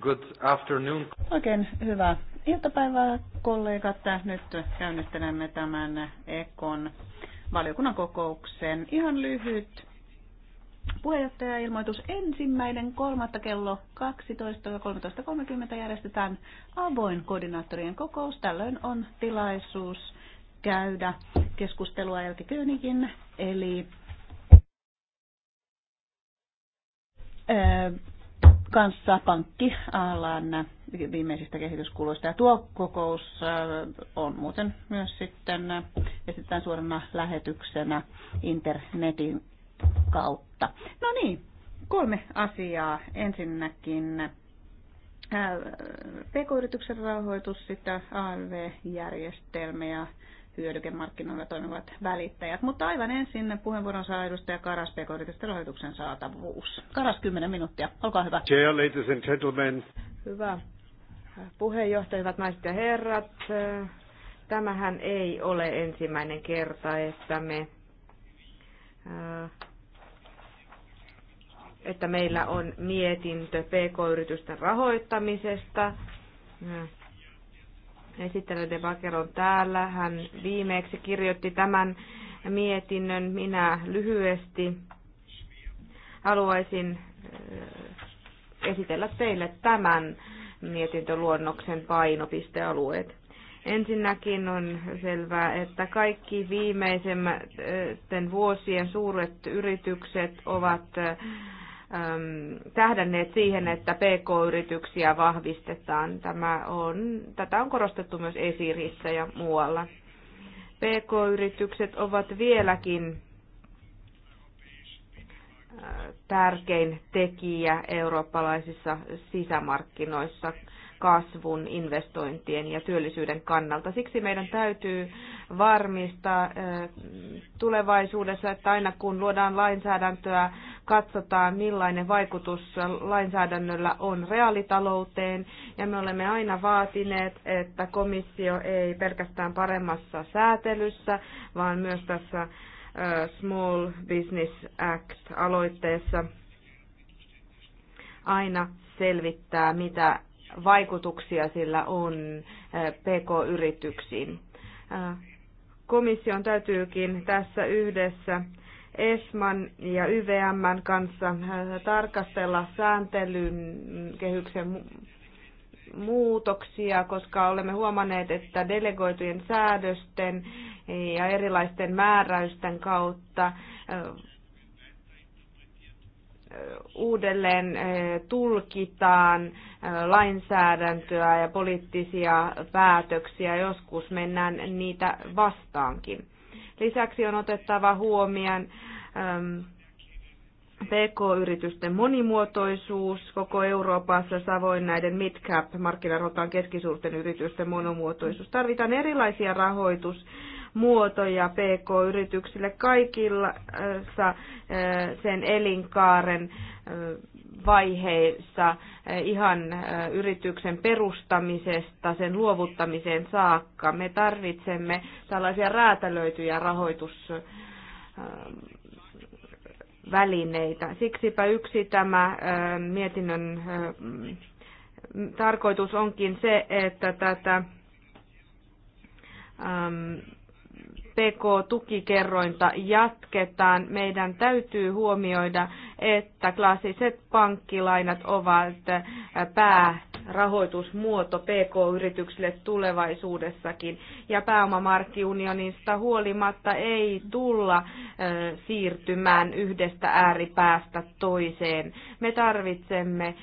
Good afternoon. Oikein hyvää iltapäivää kollegat. Nyt käynnistelemme tämän Ekon valiokunnan kokouksen. Ihan lyhyt puheenjohtajailmoitus ensimmäinen kolmatta kello 12.13.30 ja järjestetään avoin koordinaattorien kokous. Tällöin on tilaisuus käydä keskustelua Elke Kööningin, eli kanssa pankki alan viimeisistä kehityskuluista. Ja tuo kokous äh, on muuten myös sitten äh, esitetään suorana lähetyksenä internetin kautta. No niin, kolme asiaa. Ensinnäkin äh, PK-yrityksen rahoitus, sitä ALV-järjestelmä ja hyödykemarkkinoilla toimivat välittäjät. Mutta aivan ensin puheenvuoron saa edustaja Karas pk rahoituksen saatavuus. Karas, 10 minuuttia. Olkaa hyvä. Chair, ladies and gentlemen. Hyvä. Puheenjohtaja, hyvät naiset ja herrat. Tämähän ei ole ensimmäinen kerta, että me että meillä on mietintö pk-yritysten rahoittamisesta. Esittely De Bakeron on täällä. Hän viimeksi kirjoitti tämän mietinnön. Minä lyhyesti haluaisin äh, esitellä teille tämän mietintöluonnoksen painopistealueet. Ensinnäkin on selvää, että kaikki viimeisemmät äh, vuosien suuret yritykset ovat äh, Ähm, tähdänneet siihen, että PK-yrityksiä vahvistetaan. Tämä on, tätä on korostettu myös esirissä ja muualla. PK-yritykset ovat vieläkin äh, tärkein tekijä eurooppalaisissa sisämarkkinoissa kasvun, investointien ja työllisyyden kannalta. Siksi meidän täytyy varmistaa tulevaisuudessa, että aina kun luodaan lainsäädäntöä, katsotaan millainen vaikutus lainsäädännöllä on reaalitalouteen. Ja me olemme aina vaatineet, että komissio ei pelkästään paremmassa säätelyssä, vaan myös tässä Small Business Act-aloitteessa aina selvittää, mitä vaikutuksia sillä on PK-yrityksiin komission täytyykin tässä yhdessä ESMAN ja YVMn kanssa äh, tarkastella sääntelyn kehyksen muutoksia, koska olemme huomanneet, että delegoitujen säädösten ja erilaisten määräysten kautta äh, uudelleen tulkitaan lainsäädäntöä ja poliittisia päätöksiä, joskus mennään niitä vastaankin. Lisäksi on otettava huomioon PK-yritysten monimuotoisuus koko Euroopassa, savoin näiden midcap markkinarotaan keskisuurten yritysten monimuotoisuus. Tarvitaan erilaisia rahoitus- muotoja PK-yrityksille kaikilla äh, sen elinkaaren äh, vaiheissa äh, ihan yrityksen perustamisesta sen luovuttamiseen saakka. Me tarvitsemme tällaisia räätälöityjä rahoitus välineitä. Siksipä yksi tämä mietinnön tarkoitus onkin se, että tätä ähm, PK-tukikerrointa jatketaan, meidän täytyy huomioida, että klassiset pankkilainat ovat pää rahoitusmuoto PK-yrityksille tulevaisuudessakin. Ja pääomamarkkiunionista huolimatta ei tulla siirtymään yhdestä ääripäästä toiseen. Me tarvitsemme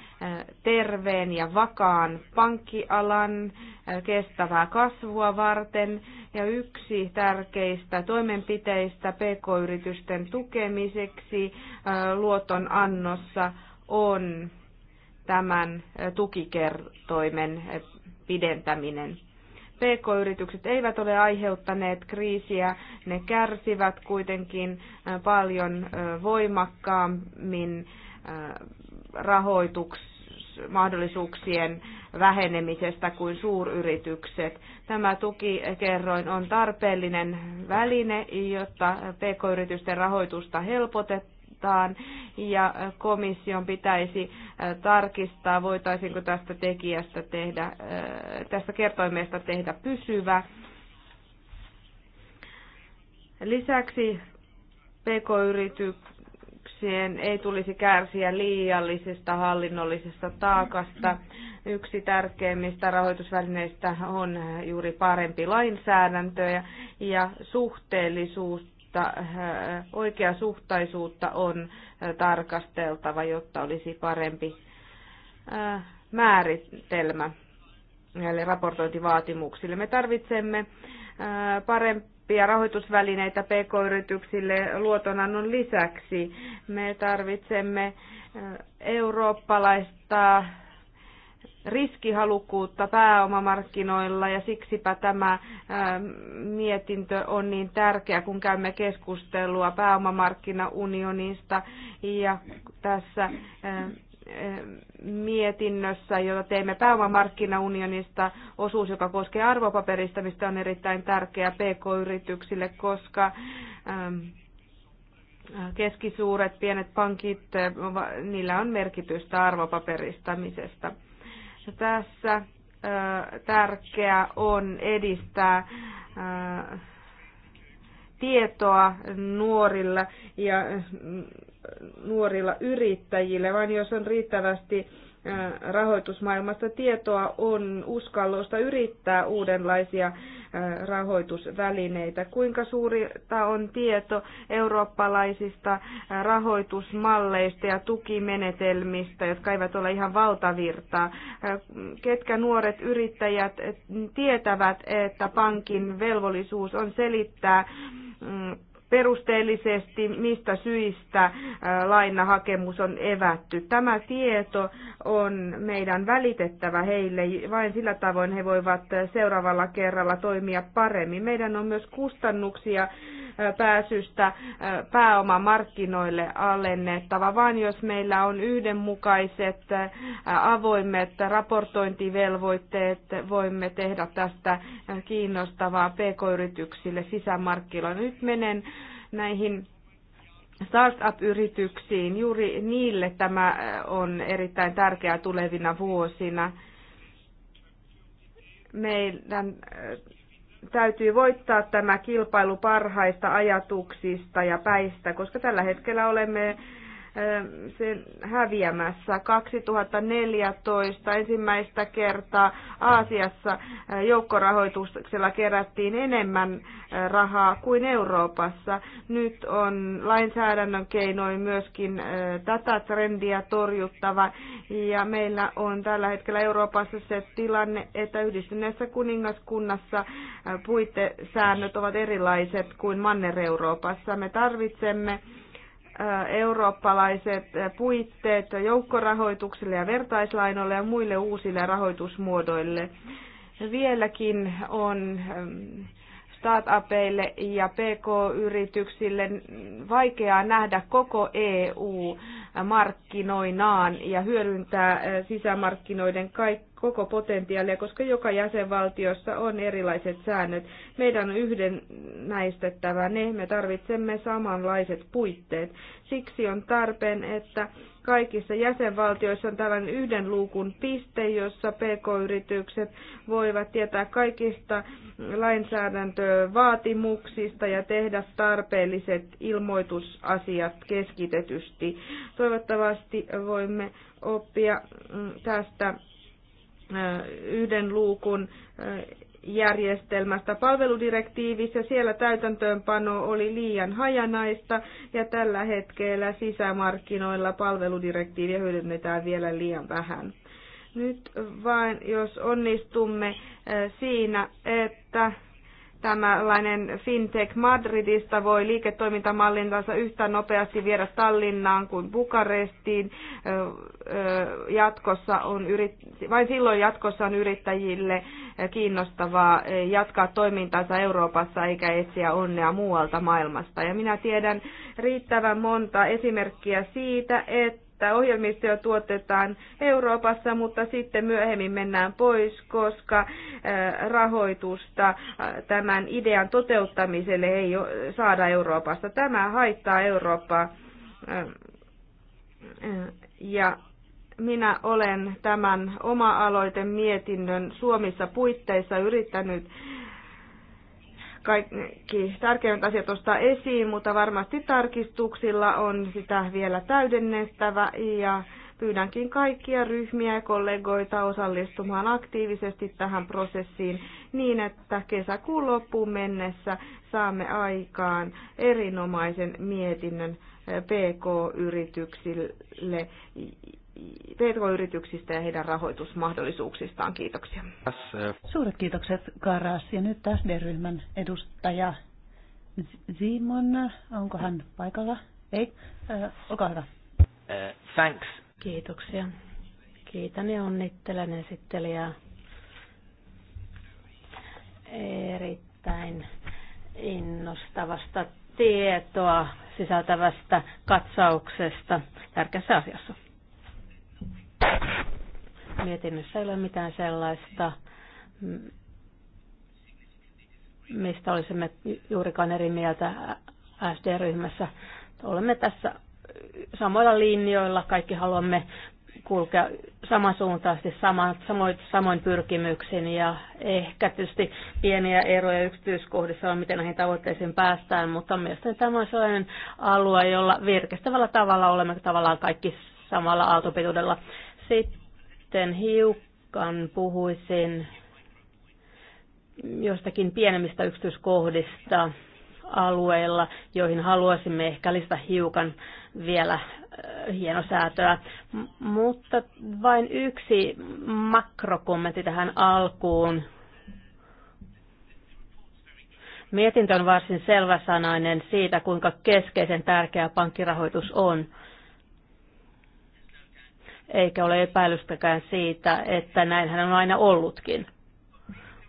terveen ja vakaan pankkialan kestävää kasvua varten ja yksi tärkeistä toimenpiteistä PK-yritysten tukemiseksi luoton annossa on tämän tukikertoimen pidentäminen. PK-yritykset eivät ole aiheuttaneet kriisiä, ne kärsivät kuitenkin paljon voimakkaammin rahoitusmahdollisuuksien vähenemisestä kuin suuryritykset. Tämä tukikerroin on tarpeellinen väline, jotta pk-yritysten rahoitusta helpotetaan suuntaan ja komission pitäisi tarkistaa, voitaisiinko tästä tekijästä tehdä, tästä kertoimesta tehdä pysyvä. Lisäksi PK-yrityksien ei tulisi kärsiä liiallisesta hallinnollisesta taakasta. Yksi tärkeimmistä rahoitusvälineistä on juuri parempi lainsäädäntö ja suhteellisuus oikea äh, oikeasuhtaisuutta on äh, tarkasteltava, jotta olisi parempi äh, määritelmä näille raportointivaatimuksille. Me tarvitsemme parempia rahoitusvälineitä pk-yrityksille luotonannon lisäksi. Me tarvitsemme eurooppalaista riskihalukkuutta pääomamarkkinoilla ja siksipä tämä mietintö on niin tärkeä, kun käymme keskustelua pääomamarkkinaunionista ja tässä mietinnössä, jota teemme pääomamarkkinaunionista, osuus, joka koskee arvopaperistämistä on erittäin tärkeä PK-yrityksille, koska keskisuuret, pienet pankit, niillä on merkitystä arvopaperistamisesta tässä tärkeää on edistää tietoa nuorilla ja nuorilla yrittäjille, vaan jos on riittävästi rahoitusmaailmasta tietoa, on uskallusta yrittää uudenlaisia rahoitusvälineitä. Kuinka suurta on tieto eurooppalaisista rahoitusmalleista ja tukimenetelmistä, jotka eivät ole ihan valtavirtaa? Ketkä nuoret yrittäjät tietävät, että pankin velvollisuus on selittää mm, perusteellisesti, mistä syistä lainahakemus on evätty. Tämä tieto on meidän välitettävä heille, vain sillä tavoin he voivat seuraavalla kerralla toimia paremmin. Meidän on myös kustannuksia pääsystä pääomamarkkinoille alennettava, vaan jos meillä on yhdenmukaiset avoimet raportointivelvoitteet, voimme tehdä tästä kiinnostavaa pk-yrityksille sisämarkkinoille. Nyt menen näihin startup-yrityksiin. Juuri niille tämä äh, on erittäin tärkeää tulevina vuosina. Meidän äh, täytyy voittaa tämä kilpailu parhaista ajatuksista ja päistä, koska tällä hetkellä olemme sen häviämässä. 2014 ensimmäistä kertaa Aasiassa joukkorahoituksella kerättiin enemmän rahaa kuin Euroopassa. Nyt on lainsäädännön keinoin myöskin tätä trendiä torjuttava ja meillä on tällä hetkellä Euroopassa se tilanne, että yhdistyneessä kuningaskunnassa puitesäännöt ovat erilaiset kuin Manner-Euroopassa. Me tarvitsemme eurooppalaiset puitteet joukkorahoitukselle ja vertaislainoille ja muille uusille rahoitusmuodoille. Vieläkin on startupeille ja pk-yrityksille vaikeaa nähdä koko EU markkinoinaan ja hyödyntää sisämarkkinoiden kaikki koko potentiaalia, koska joka jäsenvaltiossa on erilaiset säännöt. Meidän on yhden ne, me tarvitsemme samanlaiset puitteet. Siksi on tarpeen, että kaikissa jäsenvaltioissa on tällainen yhden luukun piste, jossa pk-yritykset voivat tietää kaikista lainsäädäntövaatimuksista ja tehdä tarpeelliset ilmoitusasiat keskitetysti. Toivottavasti voimme oppia mm, tästä yhden luukun järjestelmästä palveludirektiivissä. Siellä täytäntöönpano oli liian hajanaista ja tällä hetkellä sisämarkkinoilla palveludirektiiviä hyödynnetään vielä liian vähän. Nyt vain jos onnistumme siinä, että tämänlainen FinTech Madridista voi liiketoimintamallintansa yhtä nopeasti viedä Tallinnaan kuin Bukarestiin. Jatkossa on yrit- vain silloin jatkossa on yrittäjille kiinnostavaa jatkaa toimintansa Euroopassa eikä etsiä onnea muualta maailmasta. Ja minä tiedän riittävän monta esimerkkiä siitä, että että ohjelmistoja tuotetaan Euroopassa, mutta sitten myöhemmin mennään pois, koska rahoitusta tämän idean toteuttamiselle ei saada Euroopasta. Tämä haittaa Eurooppaa. Ja minä olen tämän oma-aloiten mietinnön Suomissa puitteissa yrittänyt kaikki tärkeimmät asiat ostaa esiin, mutta varmasti tarkistuksilla on sitä vielä täydennettävä ja pyydänkin kaikkia ryhmiä ja kollegoita osallistumaan aktiivisesti tähän prosessiin niin, että kesäkuun loppuun mennessä saamme aikaan erinomaisen mietinnön eh, PK-yrityksille PK-yrityksistä ja heidän rahoitusmahdollisuuksistaan. Kiitoksia. Suuret kiitokset Karas. Ja nyt SD-ryhmän edustaja Simon, onko hän paikalla? Ei, äh, olkaa hyvä. Uh, thanks. Kiitoksia. Kiitän ja onnittelen esittelijää. Erittäin innostavasta tietoa sisältävästä katsauksesta tärkeässä asiassa. Mietinnössä ei ole mitään sellaista, mistä olisimme juurikaan eri mieltä SD-ryhmässä. Olemme tässä samoilla linjoilla, kaikki haluamme kulkea samansuuntaisesti saman, samoin, samoin pyrkimyksin ja ehkä tietysti pieniä eroja yksityiskohdissa on, miten näihin tavoitteisiin päästään, mutta mielestäni tämä on sellainen alue, jolla virkistävällä tavalla olemme tavallaan kaikki samalla aaltopituudella. Sitten hiukan puhuisin jostakin pienemmistä yksityiskohdista alueilla, joihin haluaisimme ehkä lisätä hiukan vielä äh, hienosäätöä. Mutta vain yksi makrokommentti tähän alkuun. Mietintö on varsin selväsanainen siitä, kuinka keskeisen tärkeä pankkirahoitus on eikä ole epäilystäkään siitä, että näinhän on aina ollutkin.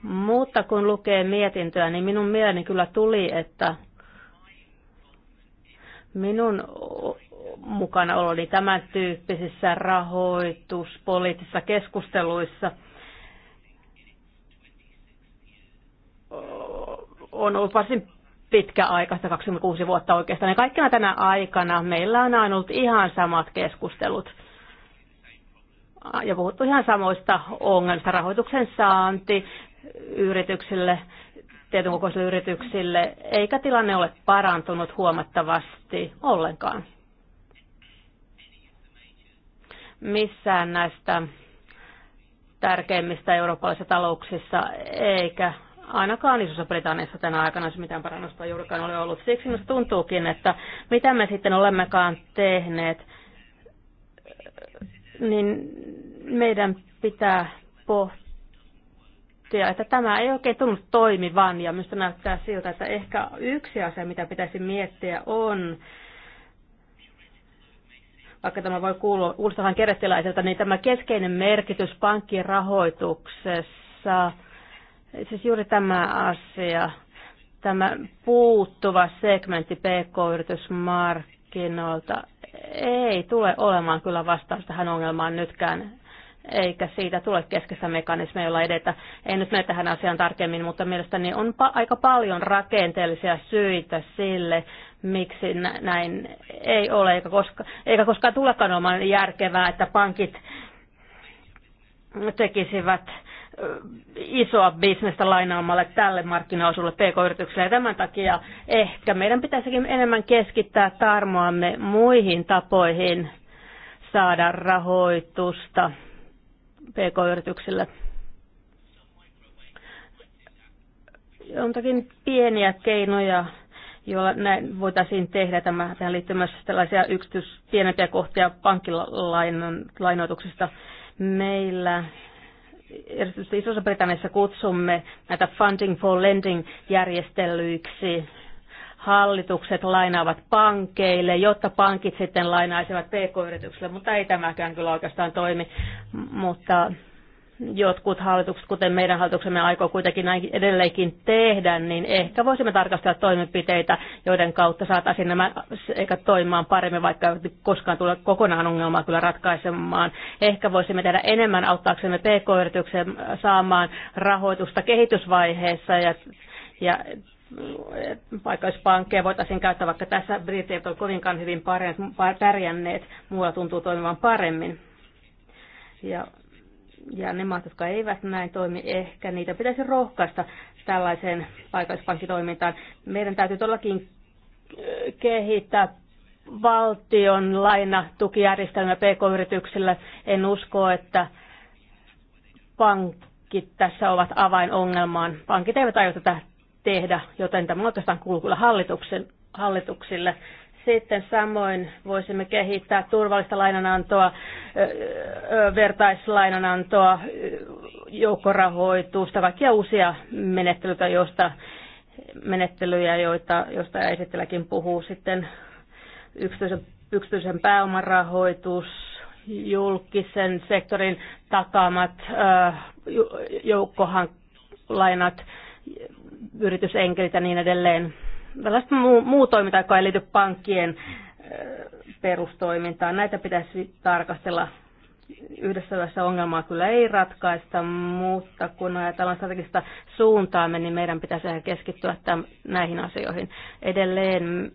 Mutta kun lukee mietintöä, niin minun mieleni kyllä tuli, että minun mukana oloni tämän tyyppisissä rahoituspoliittisissa keskusteluissa on ollut varsin pitkä aika, 26 vuotta oikeastaan. Ja kaikkina tänä aikana meillä on aina ollut ihan samat keskustelut – ja puhuttu ihan samoista ongelmista. Rahoituksen saanti yrityksille, tietyn kokoisille yrityksille, eikä tilanne ole parantunut huomattavasti ollenkaan. Missään näistä tärkeimmistä eurooppalaisissa talouksissa, eikä ainakaan Isossa Britanniassa tänä aikana se mitään parannusta juurikaan ole ollut. Siksi minusta tuntuukin, että mitä me sitten olemmekaan tehneet niin meidän pitää pohtia, että tämä ei oikein tunnu toimivan ja minusta näyttää siltä, että ehkä yksi asia, mitä pitäisi miettiä on, vaikka tämä voi kuulua uudestaan kerettiläiseltä, niin tämä keskeinen merkitys pankkien rahoituksessa, siis juuri tämä asia, tämä puuttuva segmentti pk-yritysmarkkinoilla, markkinoilta ei tule olemaan kyllä vastausta tähän ongelmaan nytkään, eikä siitä tule keskeistä mekanismeja, jolla edetä. En nyt mene tähän asiaan tarkemmin, mutta mielestäni on pa- aika paljon rakenteellisia syitä sille, miksi näin ei ole, eikä, koska, eikä koskaan tulekaan olemaan järkevää, että pankit tekisivät isoa bisnestä lainaamalle tälle markkinaosuudelle pk-yritykselle. Ja tämän takia ehkä meidän pitäisikin enemmän keskittää tarmoamme muihin tapoihin saada rahoitusta pk-yrityksille. Jontakin pieniä keinoja, joilla näin voitaisiin tehdä. Tämä, tähän liittyy myös tällaisia yksityis pienempiä kohtia pankkilainoituksista. Meillä erityisesti Isossa-Britanniassa kutsumme näitä Funding for Lending-järjestelyiksi. Hallitukset lainaavat pankeille, jotta pankit sitten lainaisivat pk-yrityksille, mutta ei tämäkään kyllä oikeastaan toimi. Mutta jotkut hallitukset, kuten meidän hallituksemme aikoo kuitenkin näin edelleenkin tehdä, niin ehkä voisimme tarkastella toimenpiteitä, joiden kautta saataisiin nämä eikä toimimaan paremmin, vaikka koskaan tule kokonaan ongelmaa kyllä ratkaisemaan. Ehkä voisimme tehdä enemmän auttaaksemme pk-yrityksen saamaan rahoitusta kehitysvaiheessa ja, ja vaikka jos pankkeja voitaisiin käyttää, vaikka tässä britit on kovinkaan hyvin pärjänneet, muualla tuntuu toimivan paremmin. Ja ja ne maat, jotka eivät näin toimi, ehkä niitä pitäisi rohkaista tällaiseen paikallispankkitoimintaan. Meidän täytyy todellakin äh, kehittää valtion lainatukijärjestelmä pk-yrityksillä. En usko, että pankit tässä ovat avainongelmaan. Pankit eivät aio tätä tehdä, joten tämä on oikeastaan kuuluu kyllä hallituksille. Sitten samoin voisimme kehittää turvallista lainanantoa, vertaislainanantoa, joukkorahoitusta, kaikkia uusia menettelyitä, joista, menettelyjä, joita, joista esitelläkin puhuu sitten yksityisen, yksityisen pääoman rahoitus, julkisen sektorin takaamat joukkohan lainat, yritysenkelit ja niin edelleen tällaista muu, muu toiminta, joka ei liity pankkien perustoimintaan. Näitä pitäisi tarkastella yhdessä yössä ongelmaa kyllä ei ratkaista, mutta kun ajatellaan strategista suuntaamme, niin meidän pitäisi keskittyä tämän, näihin asioihin. Edelleen,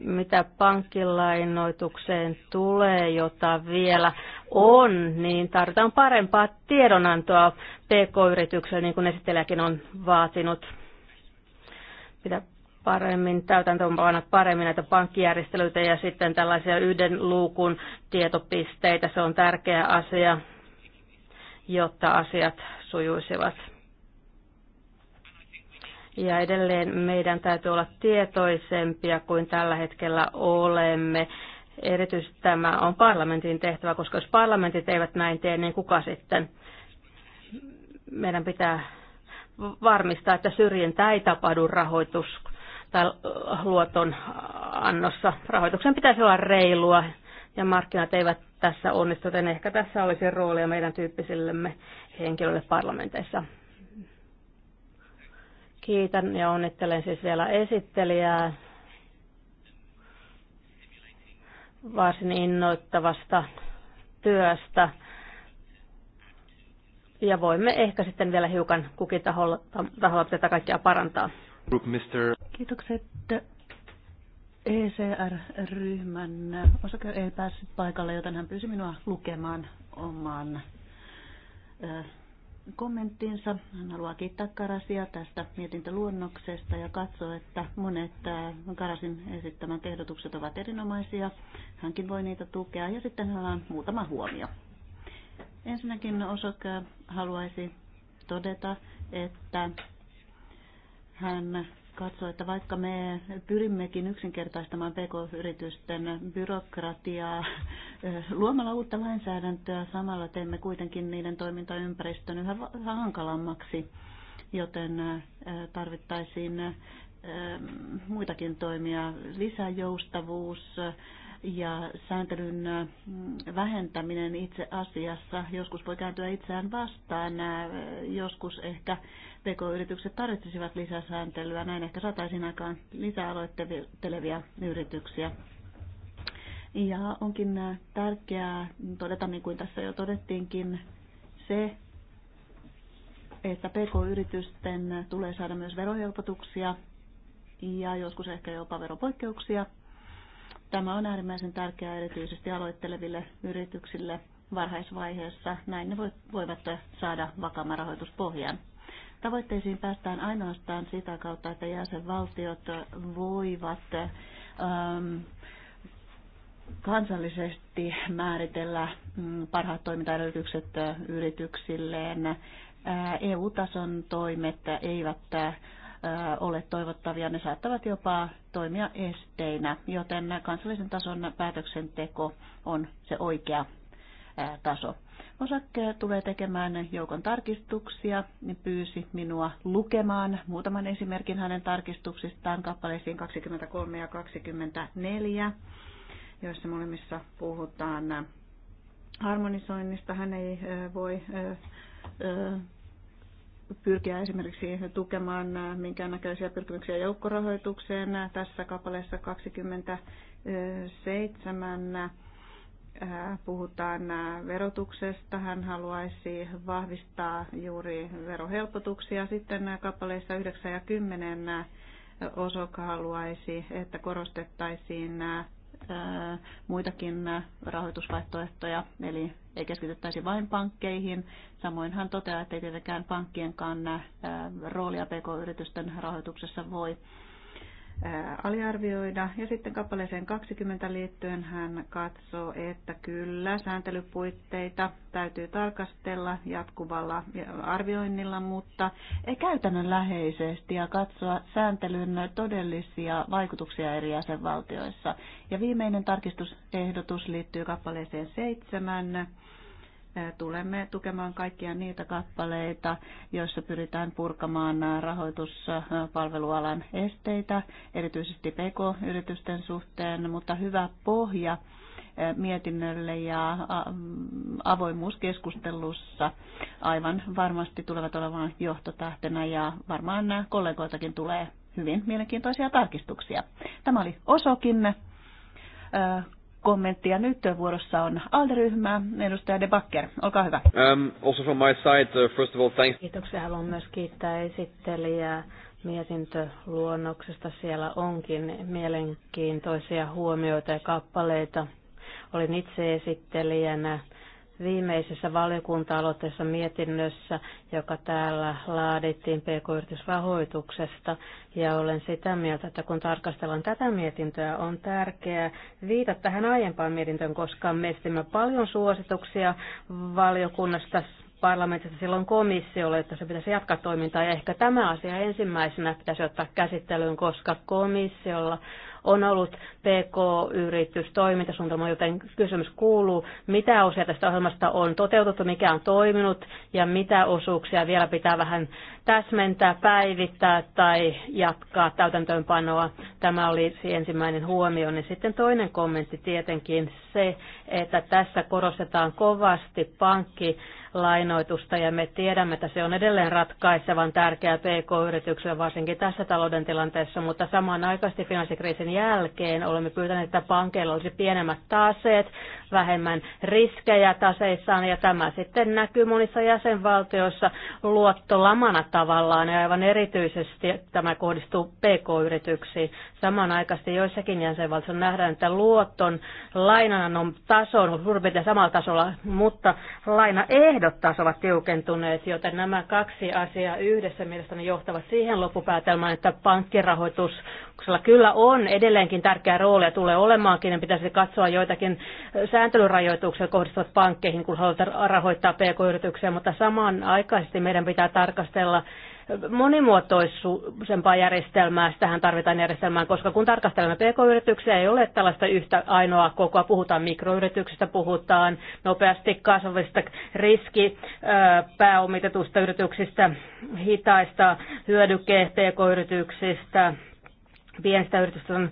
mitä pankkilainoitukseen tulee, jota vielä on, niin tarvitaan parempaa tiedonantoa PK-yritykselle, niin kuin esittelijäkin on vaatinut. Pitää paremmin, täytäntöönpanna paremmin näitä pankkijärjestelyitä ja sitten tällaisia yhden luukun tietopisteitä. Se on tärkeä asia, jotta asiat sujuisivat. Ja edelleen meidän täytyy olla tietoisempia kuin tällä hetkellä olemme. Erityisesti tämä on parlamentin tehtävä, koska jos parlamentit eivät näin tee, niin kuka sitten? Meidän pitää varmistaa, että syrjintä ei tapahdu rahoitus luoton annossa. Rahoituksen pitäisi olla reilua ja markkinat eivät tässä onnistu, joten ehkä tässä olisi roolia meidän tyyppisillemme henkilöille parlamenteissa. Kiitän ja onnittelen siis vielä esittelijää varsin innoittavasta työstä. Ja voimme ehkä sitten vielä hiukan kukin taholla, taholla tätä kaikkea parantaa. Mr. Kiitokset ECR-ryhmän osake ei päässyt paikalle, joten hän pyysi minua lukemaan oman kommenttinsa. Hän haluaa kiittää Karasia tästä mietintöluonnoksesta ja katsoo, että monet Karasin esittämät ehdotukset ovat erinomaisia. Hänkin voi niitä tukea ja sitten hänellä on muutama huomio. Ensinnäkin osake haluaisi todeta, että hän katsoo, että vaikka me pyrimmekin yksinkertaistamaan pk-yritysten byrokratiaa eh, luomalla uutta lainsäädäntöä, samalla teemme kuitenkin niiden toimintaympäristön yhä hankalammaksi, joten eh, tarvittaisiin eh, muitakin toimia, lisäjoustavuus ja sääntelyn mm, vähentäminen itse asiassa. Joskus voi kääntyä itseään vastaan, joskus ehkä PK-yritykset tarvitsisivat lisää sääntelyä. Näin ehkä saataisiin aikaan lisää aloittelevia yrityksiä. Ja onkin äh, tärkeää todeta, niin kuin tässä jo todettiinkin, se, että PK-yritysten tulee saada myös verohelpotuksia ja joskus ehkä jopa veropoikkeuksia. Tämä on äärimmäisen tärkeää erityisesti aloitteleville yrityksille varhaisvaiheessa. Näin ne voivat saada vakaamman rahoituspohjan. Tavoitteisiin päästään ainoastaan sitä kautta, että jäsenvaltiot voivat ähm, kansallisesti määritellä mm, parhaat toimintaedellytykset äh, yrityksilleen. Äh, EU-tason toimet eivät äh, ole toivottavia, ne saattavat jopa toimia esteinä, joten kansallisen tason päätöksenteko on se oikea taso. Osakke tulee tekemään joukon tarkistuksia niin pyysi minua lukemaan muutaman esimerkin hänen tarkistuksistaan kappaleisiin 23 ja 24, joissa molemmissa puhutaan harmonisoinnista. Hän ei voi pyrkiä esimerkiksi tukemaan minkäännäköisiä pyrkimyksiä joukkorahoitukseen. Tässä kappaleessa 27 Äh, puhutaan äh, verotuksesta. Hän haluaisi vahvistaa juuri verohelpotuksia. Sitten äh, kappaleissa 9 ja 10 Osoka haluaisi, että korostettaisiin muitakin rahoitusvaihtoehtoja, eli ei keskityttäisi vain pankkeihin. Samoin hän toteaa, että ei tietenkään pankkienkaan roolia pk-yritysten rahoituksessa voi aliarvioida. Ja sitten kappaleeseen 20 liittyen hän katsoo, että kyllä sääntelypuitteita täytyy tarkastella jatkuvalla arvioinnilla, mutta käytännönläheisesti ja katsoa sääntelyn todellisia vaikutuksia eri jäsenvaltioissa. Ja viimeinen tarkistusehdotus liittyy kappaleeseen 7 tulemme tukemaan kaikkia niitä kappaleita, joissa pyritään purkamaan rahoituspalvelualan esteitä, erityisesti PK-yritysten suhteen, mutta hyvä pohja eh, mietinnölle ja avoimuuskeskustelussa. aivan varmasti tulevat olemaan johtotähtenä ja varmaan nämä kollegoitakin tulee hyvin mielenkiintoisia tarkistuksia. Tämä oli Osokin eh, kommenttia. Nyt vuorossa on ALDE-ryhmä, edustaja De Backer. Olkaa hyvä. Um, also from my side, uh, first of all, thanks. Kiitoksia. Haluan myös kiittää esittelijää mietintöluonnoksesta. Siellä onkin mielenkiintoisia huomioita ja kappaleita. Olin itse esittelijänä viimeisessä valiokunta-aloitteessa mietinnössä, joka täällä laadittiin pk-yritysrahoituksesta. Ja olen sitä mieltä, että kun tarkastellaan tätä mietintöä, on tärkeää viitata tähän aiempaan mietintöön, koska me estimme paljon suosituksia valiokunnasta parlamentista silloin komissiolle, että se pitäisi jatkaa toimintaa. Ja ehkä tämä asia ensimmäisenä pitäisi ottaa käsittelyyn, koska komissiolla on ollut PK-yritystoimintasuunnitelma, joten kysymys kuuluu, mitä osia tästä ohjelmasta on toteutettu, mikä on toiminut ja mitä osuuksia vielä pitää vähän täsmentää, päivittää tai jatkaa täytäntöönpanoa. Tämä oli ensimmäinen huomio. Ja niin sitten toinen kommentti tietenkin se, että tässä korostetaan kovasti pankkilainoitusta ja me tiedämme, että se on edelleen ratkaisevan tärkeää PK-yritykselle varsinkin tässä talouden tilanteessa, mutta samanaikaisesti finanssikriisin jälkeen olemme pyytäneet, että pankeilla olisi pienemmät taseet, vähemmän riskejä taseissaan ja tämä sitten näkyy monissa jäsenvaltioissa luottolamana tavallaan ja aivan erityisesti tämä kohdistuu PK-yrityksiin. Samanaikaisesti joissakin jäsenvaltioissa nähdään, että luoton lainan lainanannon taso on ollut suurin samalla tasolla, mutta lainaehdot taas ovat tiukentuneet, joten nämä kaksi asiaa yhdessä mielestäni johtavat siihen loppupäätelmään, että pankkirahoituksella kyllä on edelleenkin tärkeä rooli ja tulee olemaankin, ja pitäisi katsoa joitakin sääntelyrajoituksia kohdistuvat pankkeihin, kun halutaan rahoittaa pk-yrityksiä, mutta samanaikaisesti meidän pitää tarkastella monimuotoisempaa järjestelmää, tähän tarvitaan järjestelmään, koska kun tarkastelemme pk-yrityksiä, ei ole tällaista yhtä ainoaa kokoa. Puhutaan mikroyrityksistä, puhutaan nopeasti kasvavista riskipääomitetusta yrityksistä, hitaista hyödyke pk-yrityksistä, pienistä yritystä on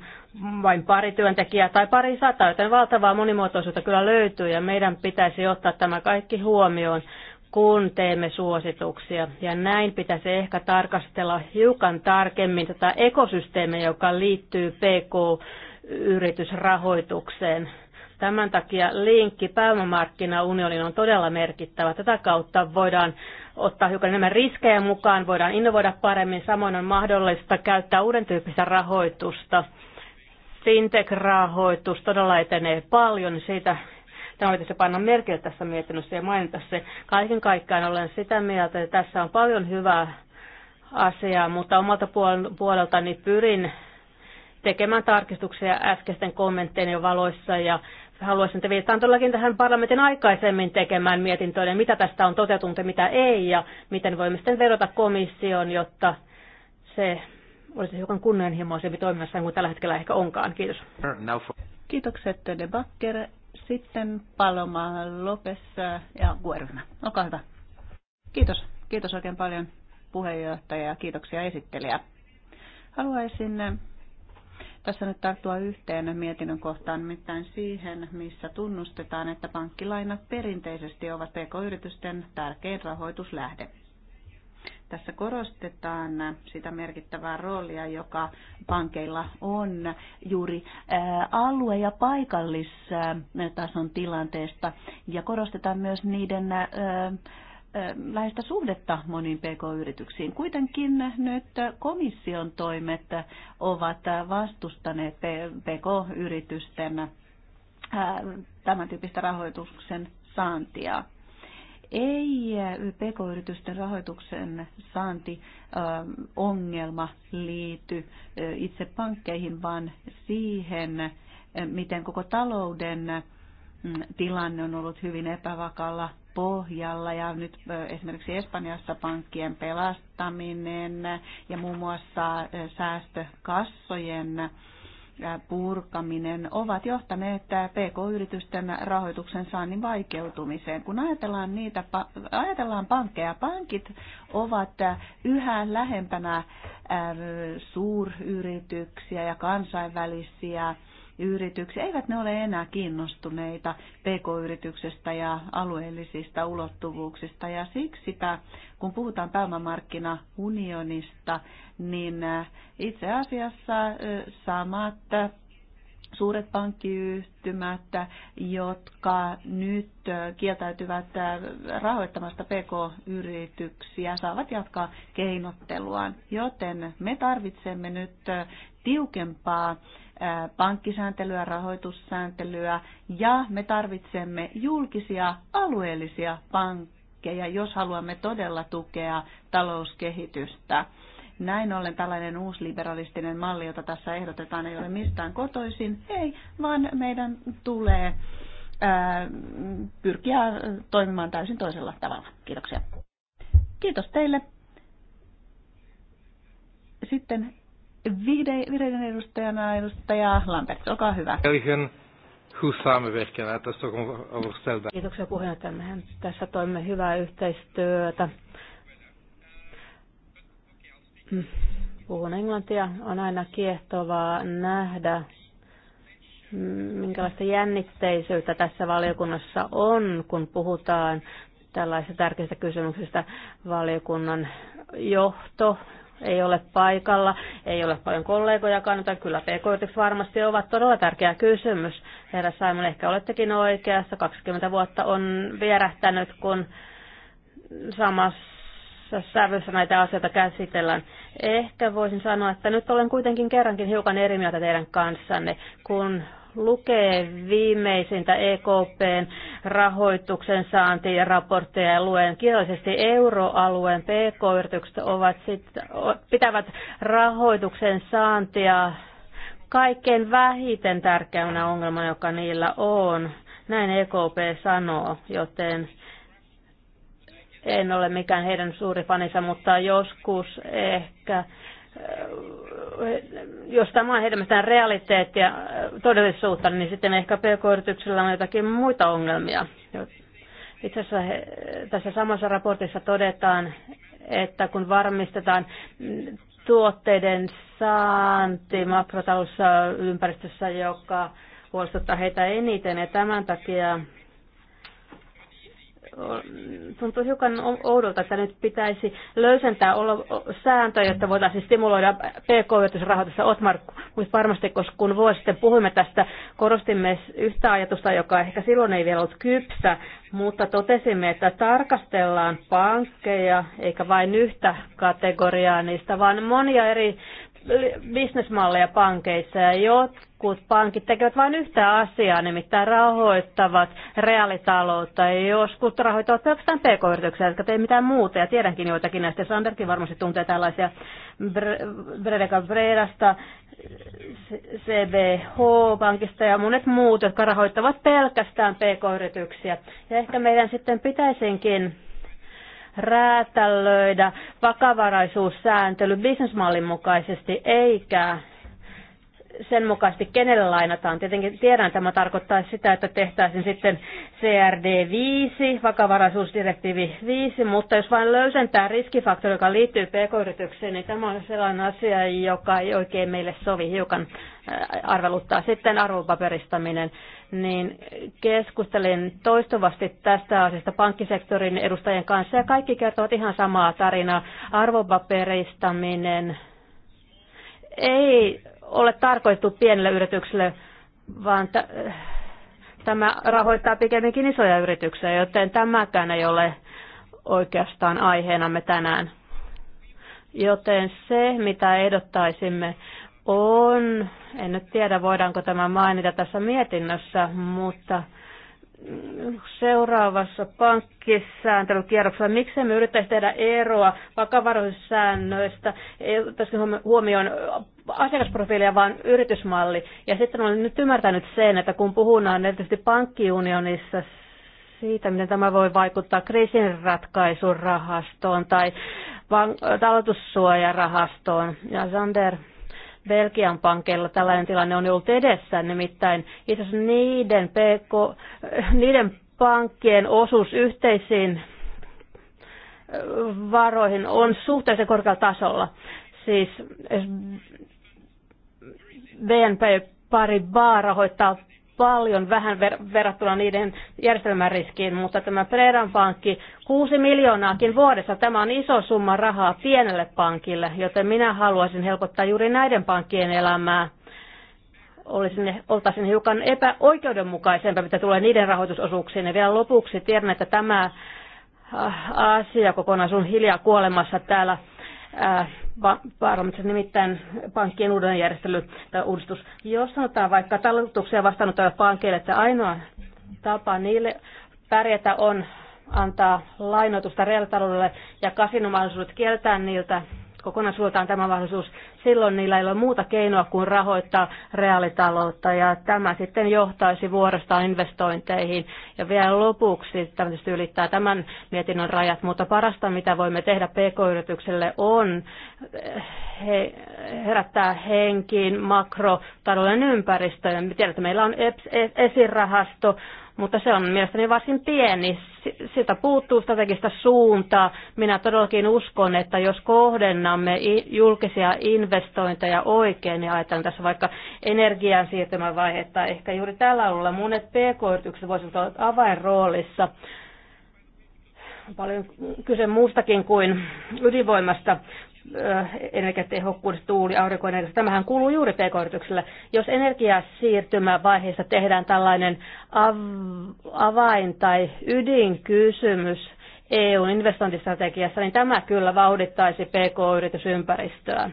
vain pari työntekijää tai pari sata, joten valtavaa monimuotoisuutta kyllä löytyy ja meidän pitäisi ottaa tämä kaikki huomioon, kun teemme suosituksia. Ja näin pitäisi ehkä tarkastella hiukan tarkemmin tätä ekosysteemiä, joka liittyy PK-yritysrahoitukseen. Tämän takia linkki pääomamarkkinaunionin on todella merkittävä. Tätä kautta voidaan ottaa hiukan enemmän riskejä mukaan, voidaan innovoida paremmin, samoin on mahdollista käyttää uuden tyyppistä rahoitusta. Fintech-rahoitus todella etenee paljon, siitä Tämä pitäisi panna merkille tässä mietinnössä ja mainita se. Kaiken kaikkiaan olen sitä mieltä, että tässä on paljon hyvää asiaa, mutta omalta puoleltani pyrin tekemään tarkistuksia äskeisten kommenttien valoissa ja haluaisin, että viittaan todellakin tähän parlamentin aikaisemmin tekemään mietintöön, mitä tästä on toteutunut ja mitä ei, ja miten voimme sitten vedota komissioon, jotta se olisi hiukan kunnianhimoisempi toiminnassa kuin tällä hetkellä ehkä onkaan. Kiitos. Kiitokset, De sitten Paloma Lopes äh, ja Guerryhmä. Olkaa hyvä. Kiitos. Kiitos oikein paljon puheenjohtaja ja kiitoksia esittelijä. Haluaisin äh, tässä nyt tarttua yhteen mietinnön kohtaan, nimittäin siihen, missä tunnustetaan, että pankkilainat perinteisesti ovat pk-yritysten tärkein rahoituslähde. Tässä korostetaan sitä merkittävää roolia, joka pankeilla on juuri alue- ja paikallistason tilanteesta ja korostetaan myös niiden läheistä suhdetta moniin pk-yrityksiin. Kuitenkin nyt komission toimet ovat vastustaneet pk-yritysten tämän tyyppistä rahoituksen saantia ei pk-yritysten rahoituksen saanti ongelma liity itse pankkeihin, vaan siihen, miten koko talouden tilanne on ollut hyvin epävakalla pohjalla ja nyt esimerkiksi Espanjassa pankkien pelastaminen ja muun muassa säästökassojen purkaminen ovat johtaneet PK-yritysten rahoituksen saannin vaikeutumiseen. Kun ajatellaan, niitä, ajatellaan pankkeja, pankit ovat yhä lähempänä suuryrityksiä ja kansainvälisiä yrityksiä. Eivät ne ole enää kiinnostuneita pk-yrityksestä ja alueellisista ulottuvuuksista. Ja siksipä, kun puhutaan pääomamarkkinaunionista, niin äh, itse asiassa äh, samat äh, suuret pankkiyhtymät, jotka nyt kieltäytyvät rahoittamasta PK-yrityksiä, saavat jatkaa keinotteluaan. Joten me tarvitsemme nyt tiukempaa pankkisääntelyä, rahoitussääntelyä ja me tarvitsemme julkisia alueellisia pankkeja, jos haluamme todella tukea talouskehitystä. Näin ollen tällainen uusliberalistinen malli, jota tässä ehdotetaan, ei ole mistään kotoisin, ei, vaan meidän tulee ää, pyrkiä toimimaan täysin toisella tavalla. Kiitoksia. Kiitos teille. Sitten Vireiden edustajana edustaja Lambert, olkaa hyvä. Kiitoksia puheenjohtaja. Mehän tässä toimme hyvää yhteistyötä. Puhun englantia. On aina kiehtovaa nähdä, minkälaista jännitteisyyttä tässä valiokunnassa on, kun puhutaan tällaisista tärkeistä kysymyksistä valiokunnan johto ei ole paikalla, ei ole paljon kollegoja mutta kyllä pk varmasti ovat todella tärkeä kysymys. Herra Simon, ehkä olettekin oikeassa. 20 vuotta on vierähtänyt, kun samassa sävyssä näitä asioita käsitellään. Ehkä voisin sanoa, että nyt olen kuitenkin kerrankin hiukan eri mieltä teidän kanssanne, kun lukee viimeisintä EKPn rahoituksen saantiraportteja ja luen kirjallisesti euroalueen PK-yritykset ovat sit, pitävät rahoituksen saantia kaikkein vähiten tärkeänä ongelmana, joka niillä on. Näin EKP sanoo, joten en ole mikään heidän suuri fanissa, mutta joskus ehkä jos tämä on heidän realiteetti ja todellisuutta, niin sitten ehkä pk-yrityksillä on jotakin muita ongelmia. Itse asiassa he, tässä samassa raportissa todetaan, että kun varmistetaan tuotteiden saanti makrotaloussa ympäristössä, joka huolestuttaa heitä eniten, ja tämän takia tuntuu hiukan oudolta, että nyt pitäisi löysentää olla sääntöjä, jotta voitaisiin stimuloida PK-yritysrahoitusta. Otmar, varmasti, koska kun vuosi sitten puhuimme tästä, korostimme yhtä ajatusta, joka ehkä silloin ei vielä ollut kypsä, mutta totesimme, että tarkastellaan pankkeja, eikä vain yhtä kategoriaa niistä, vaan monia eri bisnesmalleja pankeissa ja jotkut pankit tekevät vain yhtä asiaa, nimittäin rahoittavat reaalitaloutta ja joskus rahoittavat pelkästään pk-yrityksiä, jotka ei mitään muuta ja tiedänkin joitakin näistä. Sanderkin varmasti tuntee tällaisia Bredeka Bredasta, CBH-pankista ja monet muut, jotka rahoittavat pelkästään pk-yrityksiä. Ja ehkä meidän sitten pitäisinkin räätälöidä vakavaraisuussääntely bisnesmallin mukaisesti, eikä sen mukaisesti kenelle lainataan. Tietenkin tiedän, tämä tarkoittaa sitä, että tehtäisiin sitten CRD 5, vakavaraisuusdirektiivi 5, mutta jos vain löysentää riskifaktori, joka liittyy pk-yritykseen, niin tämä on sellainen asia, joka ei oikein meille sovi. Hiukan arveluttaa sitten arvopaperistaminen niin keskustelin toistuvasti tästä asiasta pankkisektorin edustajien kanssa ja kaikki kertovat ihan samaa tarinaa. Arvopaperistaminen ei ole tarkoitettu pienille yrityksille, vaan tämä rahoittaa pikemminkin isoja yrityksiä, joten tämäkään ei ole oikeastaan aiheenamme tänään. Joten se, mitä ehdottaisimme, on, en nyt tiedä voidaanko tämä mainita tässä mietinnössä, mutta seuraavassa pankkisääntelykierroksella, miksi me yrittäisi tehdä eroa vakavaraisuussäännöistä, tässä huomioon asiakasprofiilia, vaan yritysmalli. Ja sitten olen nyt ymmärtänyt sen, että kun puhutaan erityisesti pankkiunionissa siitä, miten tämä voi vaikuttaa kriisinratkaisurahastoon tai talutussuojarahastoon. Ja Sander, Belgian pankeilla tällainen tilanne on ollut edessä, nimittäin itse asiassa niiden, PK, äh, niiden pankkien osuus yhteisiin äh, varoihin on suhteellisen korkealla tasolla. Siis BNP pari baa rahoittaa paljon vähän ver- verrattuna niiden järjestelmäriskiin, mutta tämä Preeran pankki, 6 miljoonaakin vuodessa, tämä on iso summa rahaa pienelle pankille, joten minä haluaisin helpottaa juuri näiden pankkien elämää. Olisin, oltaisin hiukan epäoikeudenmukaisempi, mitä tulee niiden rahoitusosuuksiin. Ja vielä lopuksi tiedän, että tämä äh, asia kokonaisuus on hiljaa kuolemassa täällä parlamentissa äh, nimittäin pankkien uudelleenjärjestely tai uudistus. Jos sanotaan vaikka talletuksia vastaanottaa pankeille, että ainoa tapa niille pärjätä on antaa lainoitusta reaalitaloudelle ja kasinomaisuudet kieltää niiltä kokonaisuudeltaan tämä mahdollisuus, silloin niillä ei ole muuta keinoa kuin rahoittaa reaalitaloutta ja tämä sitten johtaisi vuorostaan investointeihin. Ja vielä lopuksi, tämä tietysti ylittää tämän mietinnön rajat, mutta parasta mitä voimme tehdä pk-yritykselle on eh, he, herättää henkiin makrotalouden ympäristöön. Me tiedämme, että meillä on EPS, e, esirahasto, mutta se on mielestäni varsin pieni. Siltä puuttuu strategista suuntaa. Minä todellakin uskon, että jos kohdennamme julkisia investointeja oikein, niin ajatellaan tässä vaikka energian siirtymävaihetta, ehkä juuri tällä alueella monet pk-yritykset voisivat olla avainroolissa paljon kyse muustakin kuin ydinvoimasta energiatehokkuudesta, tuuli, aurinkoenergiasta. Tämähän kuuluu juuri pk-yrityksille. Jos energiasiirtymävaiheessa tehdään tällainen av- avain- tai ydinkysymys EUn investointistrategiassa, niin tämä kyllä vauhdittaisi pk-yritysympäristöä.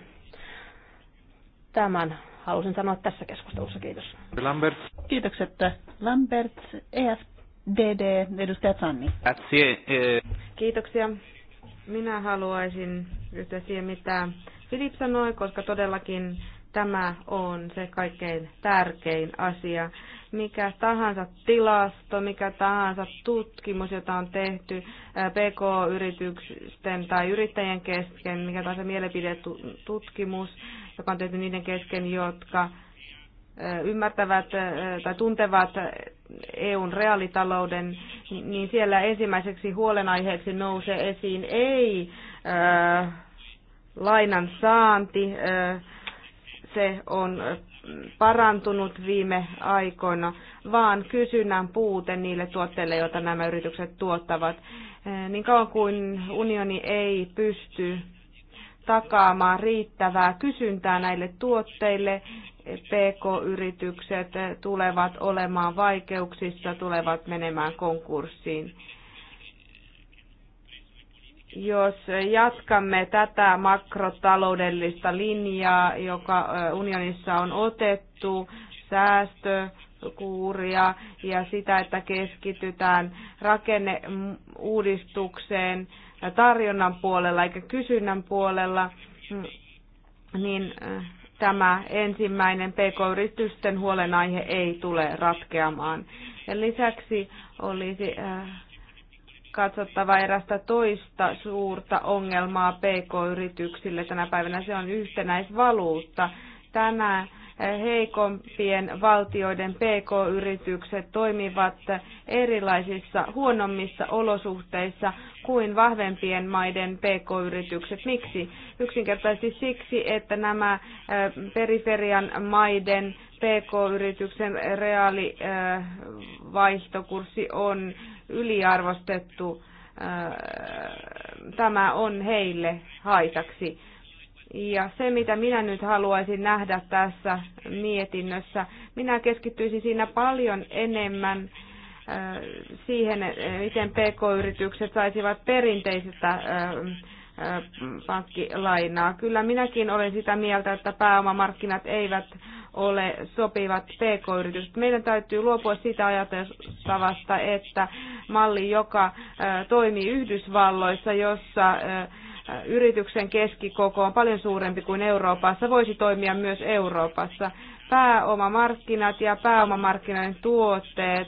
Tämän halusin sanoa tässä keskustelussa. Kiitos. Lambert. Kiitokset. Lambert, EFDD, edustaja Sanni. Eh. Kiitoksia. Minä haluaisin yhtyä siihen, mitä Filip sanoi, koska todellakin tämä on se kaikkein tärkein asia. Mikä tahansa tilasto, mikä tahansa tutkimus, jota on tehty PK-yritysten tai yrittäjien kesken, mikä tahansa mielipidetutkimus, joka on tehty niiden kesken, jotka ymmärtävät tai tuntevat EUn reaalitalouden, niin siellä ensimmäiseksi huolenaiheeksi nousee esiin ei lainan saanti, se on parantunut viime aikoina, vaan kysynnän puute niille tuotteille, joita nämä yritykset tuottavat. Niin kauan kuin unioni ei pysty takaamaan riittävää kysyntää näille tuotteille, PK-yritykset tulevat olemaan vaikeuksissa, tulevat menemään konkurssiin. Jos jatkamme tätä makrotaloudellista linjaa, joka unionissa on otettu, säästö, kuuria ja sitä, että keskitytään rakenneuudistukseen tarjonnan puolella eikä kysynnän puolella, mm, niin tämä ensimmäinen pk-yritysten huolenaihe ei tule ratkeamaan. Ja lisäksi olisi äh, katsottava erästä toista suurta ongelmaa pk-yrityksille tänä päivänä. Se on yhtenäisvaluutta. tänään heikompien valtioiden PK-yritykset toimivat erilaisissa huonommissa olosuhteissa kuin vahvempien maiden PK-yritykset. Miksi? Yksinkertaisesti siksi, että nämä äh, periferian maiden PK-yrityksen reaalivaihtokurssi äh, on yliarvostettu. Äh, tämä on heille haitaksi ja se, mitä minä nyt haluaisin nähdä tässä mietinnössä, minä keskittyisin siinä paljon enemmän siihen, miten pk-yritykset saisivat perinteisestä pankkilainaa. Kyllä minäkin olen sitä mieltä, että pääomamarkkinat eivät ole sopivat pk-yritykset. Meidän täytyy luopua sitä ajatustavasta, että malli, joka toimii Yhdysvalloissa, jossa yrityksen keskikoko on paljon suurempi kuin Euroopassa, voisi toimia myös Euroopassa. Pääomamarkkinat ja pääomamarkkinoiden tuotteet,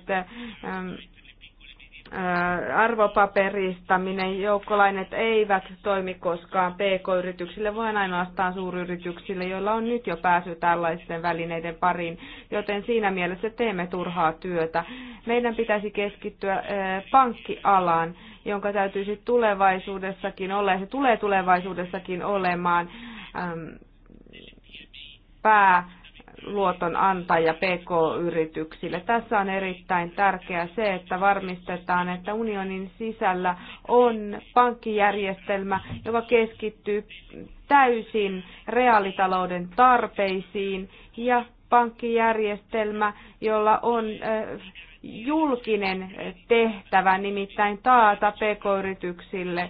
arvopaperistaminen, joukkolainet eivät toimi koskaan pk-yrityksille, vaan ainoastaan suuryrityksille, joilla on nyt jo pääsy tällaisten välineiden pariin, joten siinä mielessä teemme turhaa työtä. Meidän pitäisi keskittyä pankkialaan jonka täytyisi tulevaisuudessakin olla, ja se tulee tulevaisuudessakin olemaan äm, pää antaja PK-yrityksille. Tässä on erittäin tärkeää se, että varmistetaan, että unionin sisällä on pankkijärjestelmä, joka keskittyy täysin reaalitalouden tarpeisiin ja pankkijärjestelmä, jolla on äh, julkinen tehtävä, nimittäin taata pk-yrityksille äh,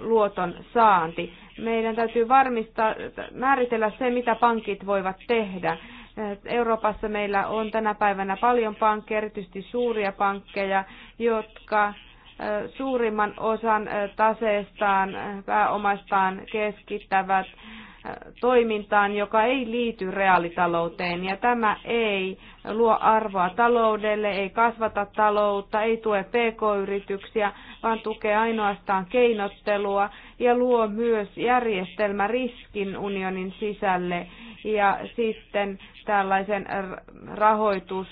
luoton saanti. Meidän täytyy varmistaa, määritellä se, mitä pankit voivat tehdä. Äh, Euroopassa meillä on tänä päivänä paljon pankkeja, erityisesti suuria pankkeja, jotka äh, suurimman osan taseestaan, pääomastaan keskittävät toimintaan, joka ei liity reaalitalouteen. Ja tämä ei luo arvoa taloudelle, ei kasvata taloutta, ei tue pk-yrityksiä, vaan tukee ainoastaan keinottelua ja luo myös järjestelmä riskin unionin sisälle ja sitten tällaisen rahoitus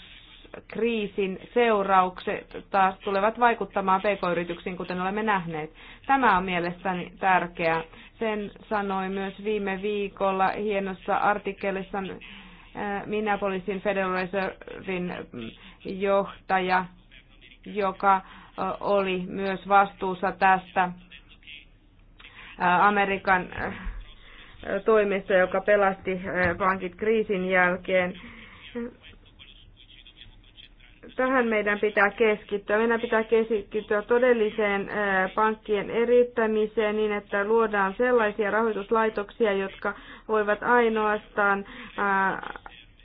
kriisin seuraukset taas tulevat vaikuttamaan pk-yrityksiin, kuten olemme nähneet. Tämä on mielestäni tärkeää. Sen sanoi myös viime viikolla hienossa artikkelissa Minneapolisin Federal Reservein johtaja, joka oli myös vastuussa tästä Amerikan toimesta, joka pelasti pankit kriisin jälkeen tähän meidän pitää keskittyä. Meidän pitää keskittyä todelliseen pankkien erittämiseen niin, että luodaan sellaisia rahoituslaitoksia, jotka voivat ainoastaan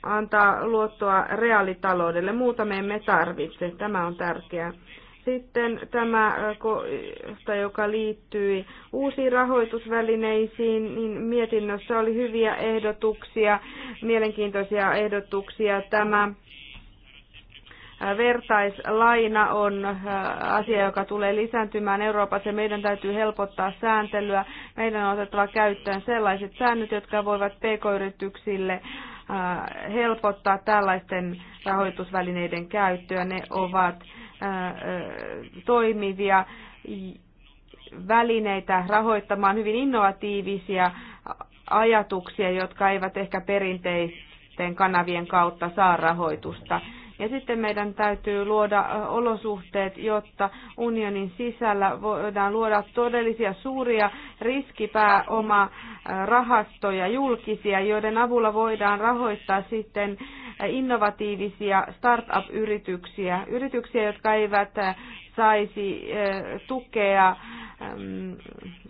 antaa luottoa reaalitaloudelle. Muuta me emme tarvitse. Tämä on tärkeää. Sitten tämä joka liittyi uusiin rahoitusvälineisiin, niin mietinnössä oli hyviä ehdotuksia, mielenkiintoisia ehdotuksia. Tämä Vertaislaina on äh, asia, joka tulee lisääntymään Euroopassa ja meidän täytyy helpottaa sääntelyä. Meidän on otettava käyttöön sellaiset säännöt, jotka voivat pk-yrityksille äh, helpottaa tällaisten rahoitusvälineiden käyttöä. Ne ovat äh, toimivia välineitä rahoittamaan hyvin innovatiivisia ajatuksia, jotka eivät ehkä perinteisten kanavien kautta saa rahoitusta. Ja sitten meidän täytyy luoda olosuhteet, jotta unionin sisällä voidaan luoda todellisia suuria riskipääoma rahastoja, julkisia, joiden avulla voidaan rahoittaa sitten innovatiivisia startup-yrityksiä, yrityksiä, jotka eivät saisi tukea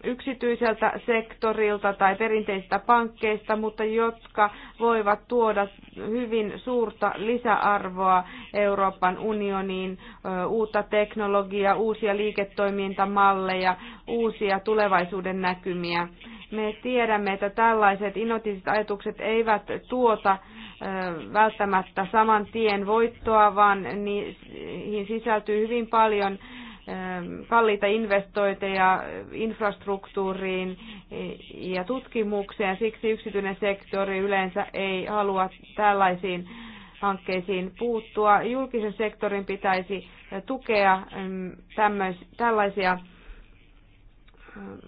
yksityiseltä sektorilta tai perinteisistä pankkeista, mutta jotka voivat tuoda hyvin suurta lisäarvoa Euroopan unioniin, uutta teknologiaa, uusia liiketoimintamalleja, uusia tulevaisuuden näkymiä. Me tiedämme, että tällaiset innovatiiviset ajatukset eivät tuota välttämättä saman tien voittoa, vaan niihin sisältyy hyvin paljon Ähm, kalliita investointeja infrastruktuuriin e, ja tutkimukseen. Siksi yksityinen sektori yleensä ei halua tällaisiin hankkeisiin puuttua. Julkisen sektorin pitäisi tukea mm, tämmöis, tällaisia mm,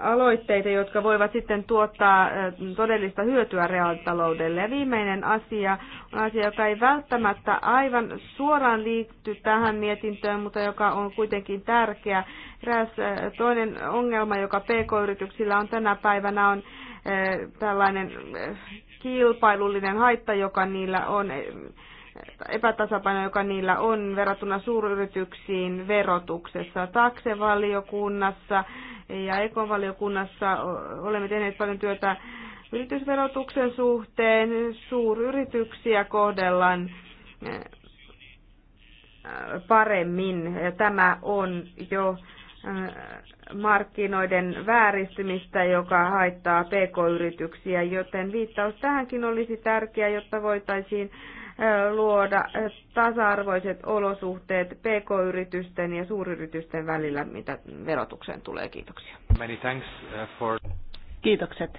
aloitteita, jotka voivat sitten tuottaa todellista hyötyä reaalitaloudelle. Ja viimeinen asia on asia, joka ei välttämättä aivan suoraan liitty tähän mietintöön, mutta joka on kuitenkin tärkeä. Eräs toinen ongelma, joka PK-yrityksillä on tänä päivänä, on tällainen kilpailullinen haitta, joka niillä on epätasapaino, joka niillä on verrattuna suuryrityksiin verotuksessa, taksevaliokunnassa ja ekovaliokunnassa olemme tehneet paljon työtä yritysverotuksen suhteen. Suuryrityksiä kohdellaan eh, paremmin. Tämä on jo eh, markkinoiden vääristymistä, joka haittaa pk-yrityksiä, joten viittaus tähänkin olisi tärkeä, jotta voitaisiin luoda tasa-arvoiset olosuhteet pk-yritysten ja suuryritysten välillä, mitä verotukseen tulee. Kiitoksia. Many thanks uh, for... Kiitokset.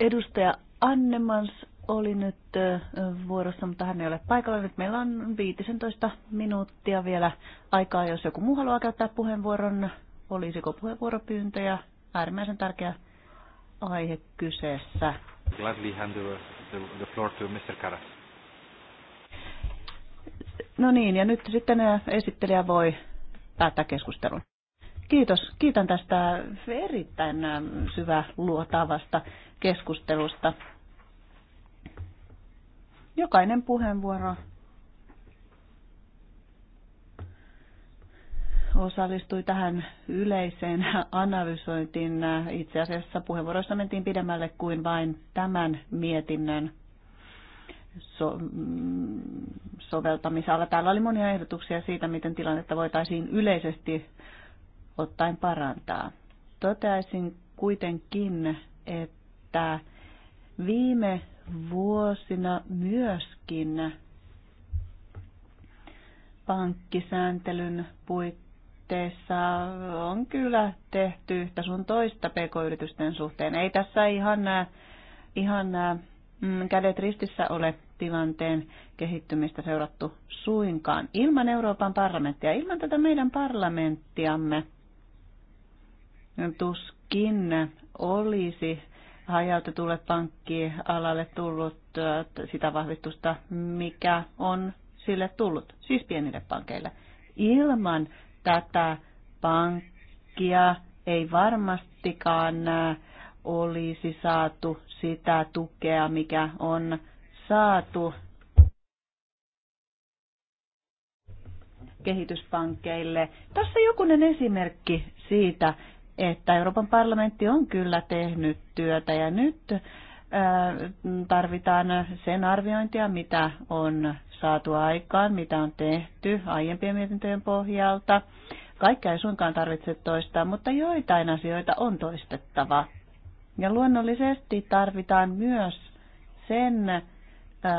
Edustaja Annemans oli nyt vuorossa, mutta hän ei ole paikalla. Nyt meillä on 15 minuuttia vielä aikaa, jos joku muu haluaa käyttää puheenvuoron. Olisiko puheenvuoropyyntöjä? Äärimmäisen tärkeä aihe kyseessä. Gladly hand over the, the floor to Mr. Karas. No niin, ja nyt sitten esittelijä voi päättää keskustelun. Kiitos. Kiitän tästä erittäin syvä luotavasta keskustelusta. Jokainen puheenvuoro osallistui tähän yleiseen analysointiin. Itse asiassa puheenvuoroissa mentiin pidemmälle kuin vain tämän mietinnön so- mm, soveltamisalla. Täällä oli monia ehdotuksia siitä, miten tilannetta voitaisiin yleisesti ottaen parantaa. Toteaisin kuitenkin, että viime vuosina myöskin pankkisääntelyn puitteissa suhteessa on kyllä tehty yhtä sun toista pk-yritysten suhteen. Ei tässä ihan, ihan mm, kädet ristissä ole tilanteen kehittymistä seurattu suinkaan. Ilman Euroopan parlamenttia, ilman tätä meidän parlamenttiamme tuskin olisi hajautetulle pankkialalle tullut äh, sitä vahvistusta, mikä on sille tullut, siis pienille pankeille. Ilman tätä pankkia ei varmastikaan olisi saatu sitä tukea, mikä on saatu kehityspankkeille. Tässä jokunen esimerkki siitä, että Euroopan parlamentti on kyllä tehnyt työtä ja nyt tarvitaan sen arviointia, mitä on saatu aikaan, mitä on tehty aiempien mietintöjen pohjalta. Kaikkea ei suinkaan tarvitse toistaa, mutta joitain asioita on toistettava. Ja luonnollisesti tarvitaan myös sen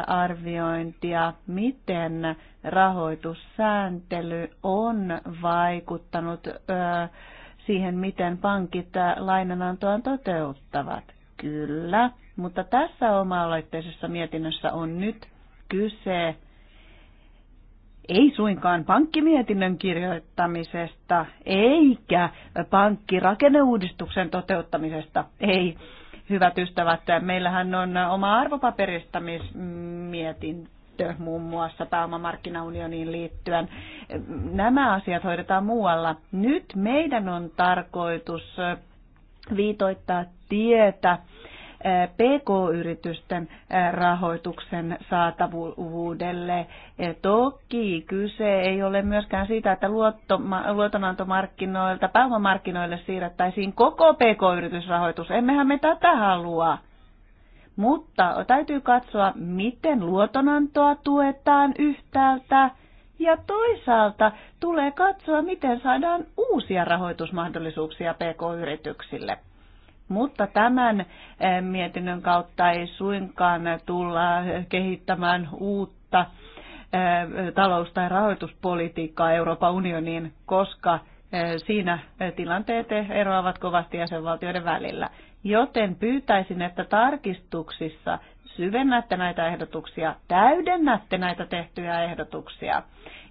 arviointia, miten rahoitussääntely on vaikuttanut siihen, miten pankit lainanantoa toteuttavat. Kyllä, mutta tässä oma-aloitteisessa mietinnössä on nyt kyse ei suinkaan pankkimietinnön kirjoittamisesta, eikä pankkirakenneuudistuksen toteuttamisesta. Ei, hyvät ystävät, meillähän on oma arvopaperistamismietintö muun muassa pääomamarkkinaunioniin liittyen. Nämä asiat hoidetaan muualla. Nyt meidän on tarkoitus viitoittaa tietä PK-yritysten rahoituksen saatavuudelle. Toki kyse ei ole myöskään siitä, että luotonantomarkkinoilta pääomamarkkinoille siirrettäisiin koko PK-yritysrahoitus. Emmehän me tätä halua. Mutta täytyy katsoa, miten luotonantoa tuetaan yhtäältä – ja toisaalta tulee katsoa, miten saadaan uusia rahoitusmahdollisuuksia pk-yrityksille. Mutta tämän eh, mietinnön kautta ei suinkaan tulla kehittämään uutta eh, talous- tai rahoituspolitiikkaa Euroopan unioniin, koska eh, siinä tilanteet eroavat kovasti jäsenvaltioiden välillä. Joten pyytäisin, että tarkistuksissa – syvennätte näitä ehdotuksia, täydennätte näitä tehtyjä ehdotuksia.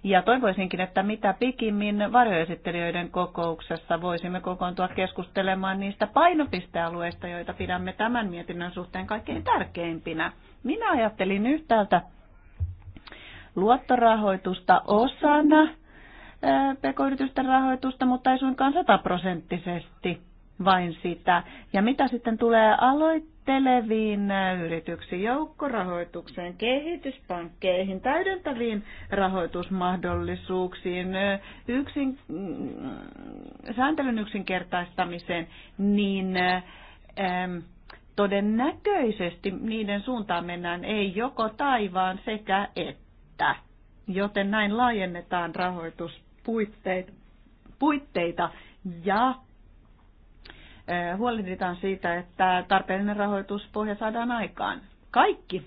Ja toivoisinkin, että mitä pikimmin varjoesittelijöiden kokouksessa voisimme kokoontua keskustelemaan niistä painopistealueista, joita pidämme tämän mietinnön suhteen kaikkein tärkeimpinä. Minä ajattelin yhtäältä luottorahoitusta osana pk-yritysten rahoitusta, mutta ei suinkaan sataprosenttisesti vain sitä. Ja mitä sitten tulee aloittaa? kehitteleviin äh, yrityksiin, joukkorahoitukseen, kehityspankkeihin, täydentäviin rahoitusmahdollisuuksiin, äh, yksin, mm, sääntelyn yksinkertaistamiseen, niin ähm, todennäköisesti niiden suuntaan mennään ei joko taivaan sekä että. Joten näin laajennetaan rahoituspuitteita ja Eh, huolehditaan siitä, että tarpeellinen rahoituspohja saadaan aikaan. Kaikki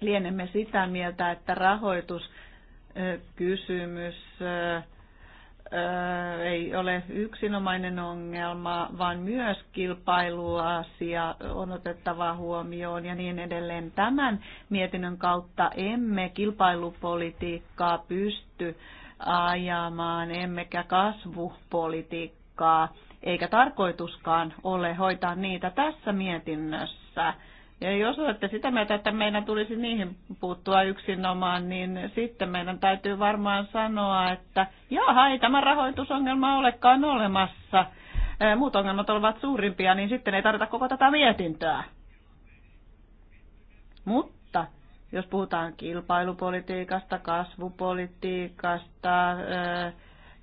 lienemme sitä mieltä, että rahoituskysymys eh, eh, ei ole yksinomainen ongelma, vaan myös kilpailuasia on otettava huomioon ja niin edelleen. Tämän mietinnön kautta emme kilpailupolitiikkaa pysty ajamaan, emmekä kasvupolitiikkaa eikä tarkoituskaan ole hoitaa niitä tässä mietinnössä. Ja jos olette sitä mieltä, että meidän tulisi niihin puuttua yksinomaan, niin sitten meidän täytyy varmaan sanoa, että jaha, ei tämä rahoitusongelma olekaan olemassa. Muut ongelmat ovat suurimpia, niin sitten ei tarvita koko tätä mietintöä. Mutta jos puhutaan kilpailupolitiikasta, kasvupolitiikasta,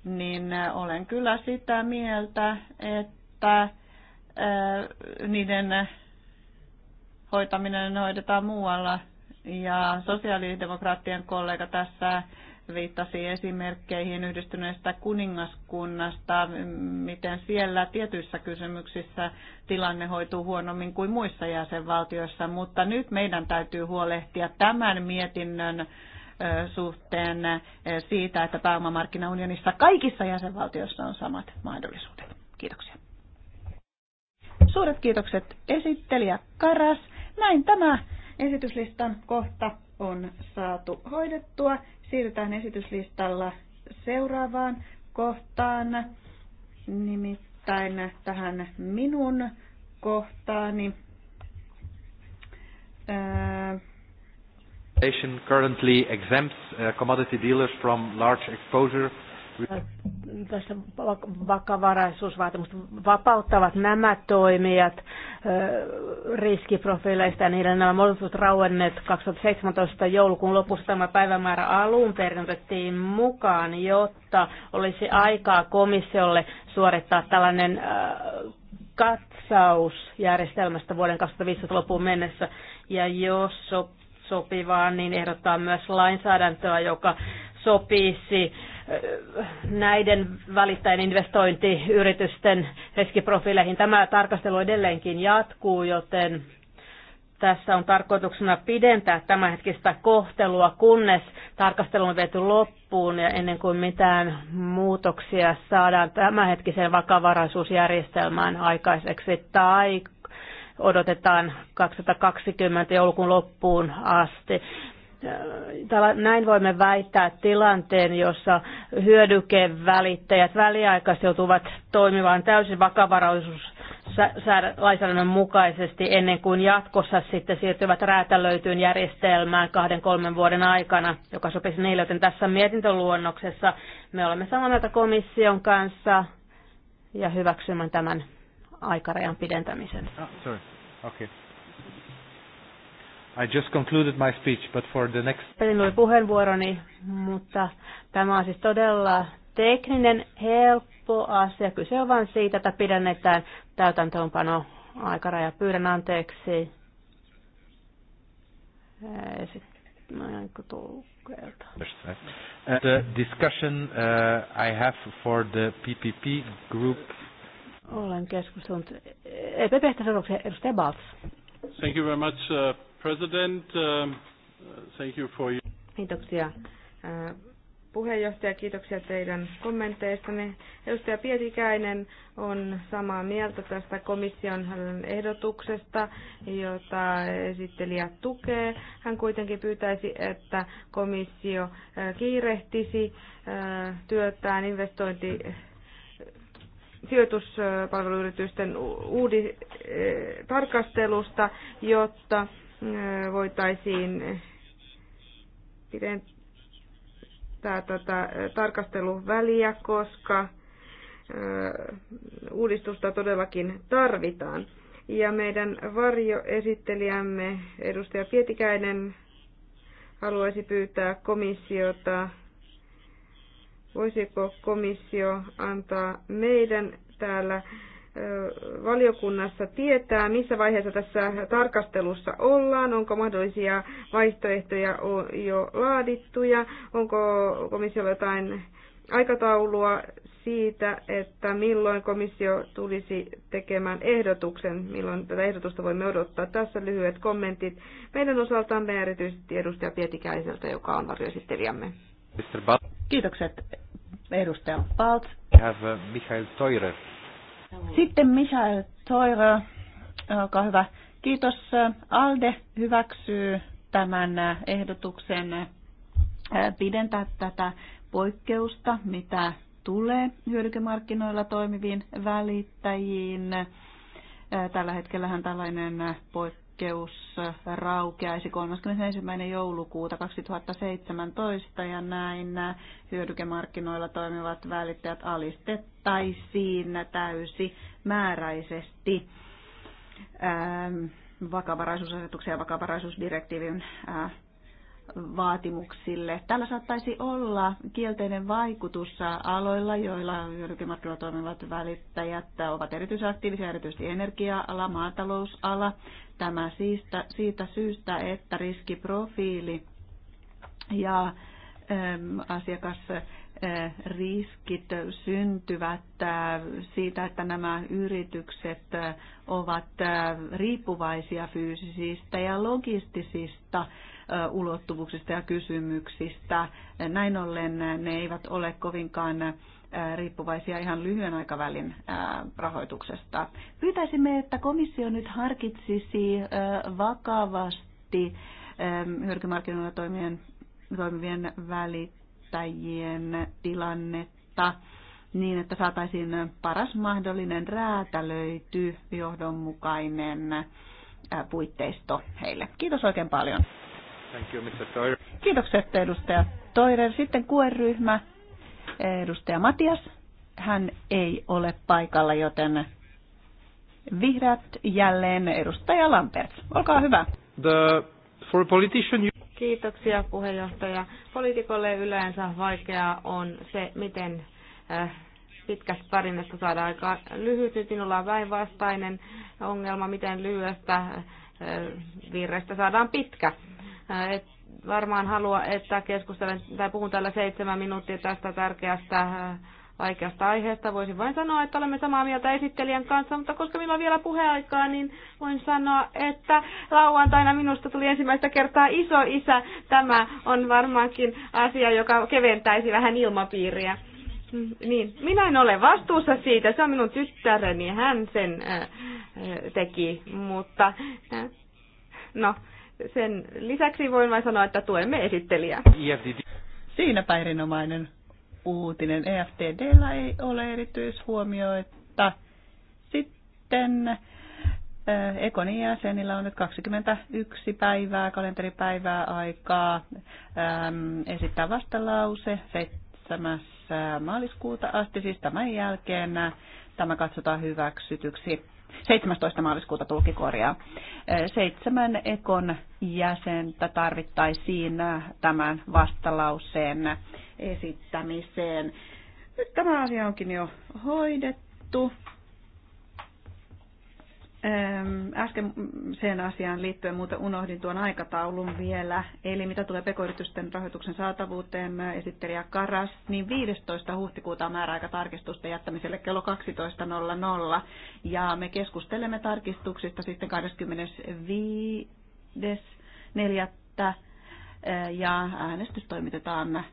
niin olen kyllä sitä mieltä, että niiden hoitaminen hoidetaan muualla. Ja sosiaalidemokraattien kollega tässä viittasi esimerkkeihin yhdistyneestä kuningaskunnasta, miten siellä tietyissä kysymyksissä tilanne hoituu huonommin kuin muissa jäsenvaltioissa, mutta nyt meidän täytyy huolehtia tämän mietinnön suhteen siitä, että pääomamarkkinaunionissa kaikissa jäsenvaltioissa on samat mahdollisuudet. Kiitoksia. Suuret kiitokset esittelijä Karas. Näin tämä esityslistan kohta on saatu hoidettua. Siirrytään esityslistalla seuraavaan kohtaan, nimittäin tähän minun kohtaani. Öö, legislation currently exempts uh, commodity dealers from large exposure. Tässä vakavaraisuusvaatimusta vapauttavat nämä toimijat uh, riskiprofiileista ja niiden nämä muodostut rauenneet 2017 joulukuun lopussa tämä päivämäärä alun perin otettiin mukaan, jotta olisi aikaa komissiolle suorittaa tällainen uh, katsausjärjestelmästä vuoden 2015 loppuun mennessä. Ja jos sopivaa, niin ehdottaa myös lainsäädäntöä, joka sopisi näiden välittäjien investointiyritysten riskiprofiileihin. Tämä tarkastelu edelleenkin jatkuu, joten tässä on tarkoituksena pidentää tämänhetkistä kohtelua, kunnes tarkastelu on viety loppuun ja ennen kuin mitään muutoksia saadaan tämänhetkiseen vakavaraisuusjärjestelmään aikaiseksi tai odotetaan 2020 joulukuun loppuun asti. Näin voimme väittää tilanteen, jossa hyödykevälittäjät väliaikaisesti joutuvat toimimaan täysin lainsäädännön mukaisesti ennen kuin jatkossa sitten siirtyvät räätälöityyn järjestelmään kahden kolmen vuoden aikana, joka sopisi niille, joten tässä mietintöluonnoksessa me olemme samaa mieltä komission kanssa ja hyväksymään tämän aikarajan pidentämisen. Oh, sorry. Okay. I just concluded my speech, but for the next... Minulla puheenvuoroni, mutta tämä on siis todella tekninen, helppo asia. Kyse on vain siitä, että pidennetään täytäntöönpano aikaraja. Pyydän anteeksi. No, uh, the discussion uh, I have for the PPP group olen keskustellut EPPstä seuraavaksi edustaja Balts. Thank you very much, uh, President. Uh, uh, thank you for your... Kiitoksia. Uh, puheenjohtaja, kiitoksia teidän kommenteistanne. Edustaja Pietikäinen on samaa mieltä tästä komission ehdotuksesta, jota esittelijä tukee. Hän kuitenkin pyytäisi, että komissio uh, kiirehtisi uh, työtään investointi sijoituspalveluyritysten uudi, eh, tarkastelusta, jotta eh, voitaisiin pidentää tätä eh, tarkasteluväliä, koska uudistusta todellakin tarvitaan. Ja meidän varjoesittelijämme edustaja Pietikäinen haluaisi pyytää komissiota Voisiko komissio antaa meidän täällä valiokunnassa tietää, missä vaiheessa tässä tarkastelussa ollaan, onko mahdollisia vaihtoehtoja jo laadittuja, onko komissiolla jotain aikataulua siitä, että milloin komissio tulisi tekemään ehdotuksen, milloin tätä ehdotusta voimme odottaa. Tässä lyhyet kommentit meidän osaltamme erityisesti edustaja Pietikäiseltä, joka on varjoesittelijämme. Mr. Balt, Kiitokset, edustaja Baltz. Have, uh, Michael Teurer. Sitten Michael Teurer, olkaa hyvä. Kiitos. Äh, ALDE hyväksyy tämän äh, ehdotuksen äh, pidentää tätä poikkeusta, mitä tulee hyödykemarkkinoilla toimiviin välittäjiin. Tällä hetkellähän tällainen poikkeus poikkeus raukeaisi 31. joulukuuta 2017 ja näin hyödykemarkkinoilla toimivat välittäjät alistettaisiin täysimääräisesti ähm, vakavaraisuusasetuksen ja vakavaraisuusdirektiivin äh, vaatimuksille. Tällä saattaisi olla kielteinen vaikutus aloilla, joilla julkimarkkinoilla toimivat välittäjät ovat erityisen aktiivisia, erityisesti energia-ala, maatalousala. Tämä siitä, siitä syystä, että riskiprofiili ja äm, asiakas riskit syntyvät äh, siitä, että nämä yritykset äh, ovat äh, riippuvaisia fyysisistä ja logistisista ulottuvuuksista ja kysymyksistä. Näin ollen ne eivät ole kovinkaan riippuvaisia ihan lyhyen aikavälin rahoituksesta. Pyytäisimme, että komissio nyt harkitsisi vakavasti hyödykemarkkinoilla toimivien, toimivien välittäjien tilannetta niin, että saataisiin paras mahdollinen räätälöity johdonmukainen puitteisto heille. Kiitos oikein paljon. Thank you, Mr. Toirer. Kiitokset edustaja Toirer. Sitten QE-ryhmä, edustaja Matias. Hän ei ole paikalla, joten vihreät jälleen edustaja Lampert. Olkaa hyvä. The, for politician you... Kiitoksia puheenjohtaja. Poliitikolle yleensä vaikeaa on se, miten äh, pitkästä tarinasta saada aika lyhyt. Nyt minulla on päinvastainen ongelma, miten lyhyestä äh, virrestä saadaan pitkä. Et varmaan halua, että keskustelen tai puhun täällä seitsemän minuuttia tästä tärkeästä vaikeasta aiheesta. Voisin vain sanoa, että olemme samaa mieltä esittelijän kanssa, mutta koska minulla on vielä puheaikaa, niin voin sanoa, että lauantaina minusta tuli ensimmäistä kertaa iso isä. Tämä on varmaankin asia, joka keventäisi vähän ilmapiiriä. Niin, minä en ole vastuussa siitä, se on minun tyttäreni, hän sen äh, teki, mutta äh, no, sen lisäksi voin vain sanoa, että tuemme esittelijää. EFTD. Siinäpä erinomainen uutinen. EFTDllä ei ole erityishuomioita. Sitten äh, Ekonin jäsenillä on nyt 21 päivää, kalenteripäivää aikaa ähm, esittää vastalause 7. Äh, maaliskuuta asti, siis tämän jälkeen äh, tämä katsotaan hyväksytyksi 17. maaliskuuta tulkikorjaa. Seitsemän ekon jäsentä tarvittaisiin tämän vastalauseen esittämiseen. Nyt tämä asia onkin jo hoidettu. Äsken sen asiaan liittyen muuta unohdin tuon aikataulun vielä. Eli mitä tulee pekoyritysten rahoituksen saatavuuteen, esittelijä Karas, niin 15. huhtikuuta on määräaika tarkistusten jättämiselle kello 12.00. Ja me keskustelemme tarkistuksista sitten 25.4. Ja äänestys toimitetaan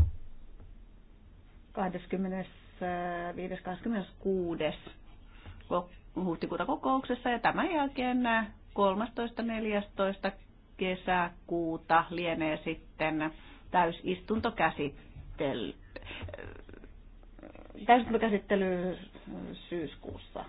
25.26 huhtikuuta kokouksessa ja tämän jälkeen 13.14. kesäkuuta lienee sitten täysistunto käsittely, täysistuntokäsittely syyskuussa.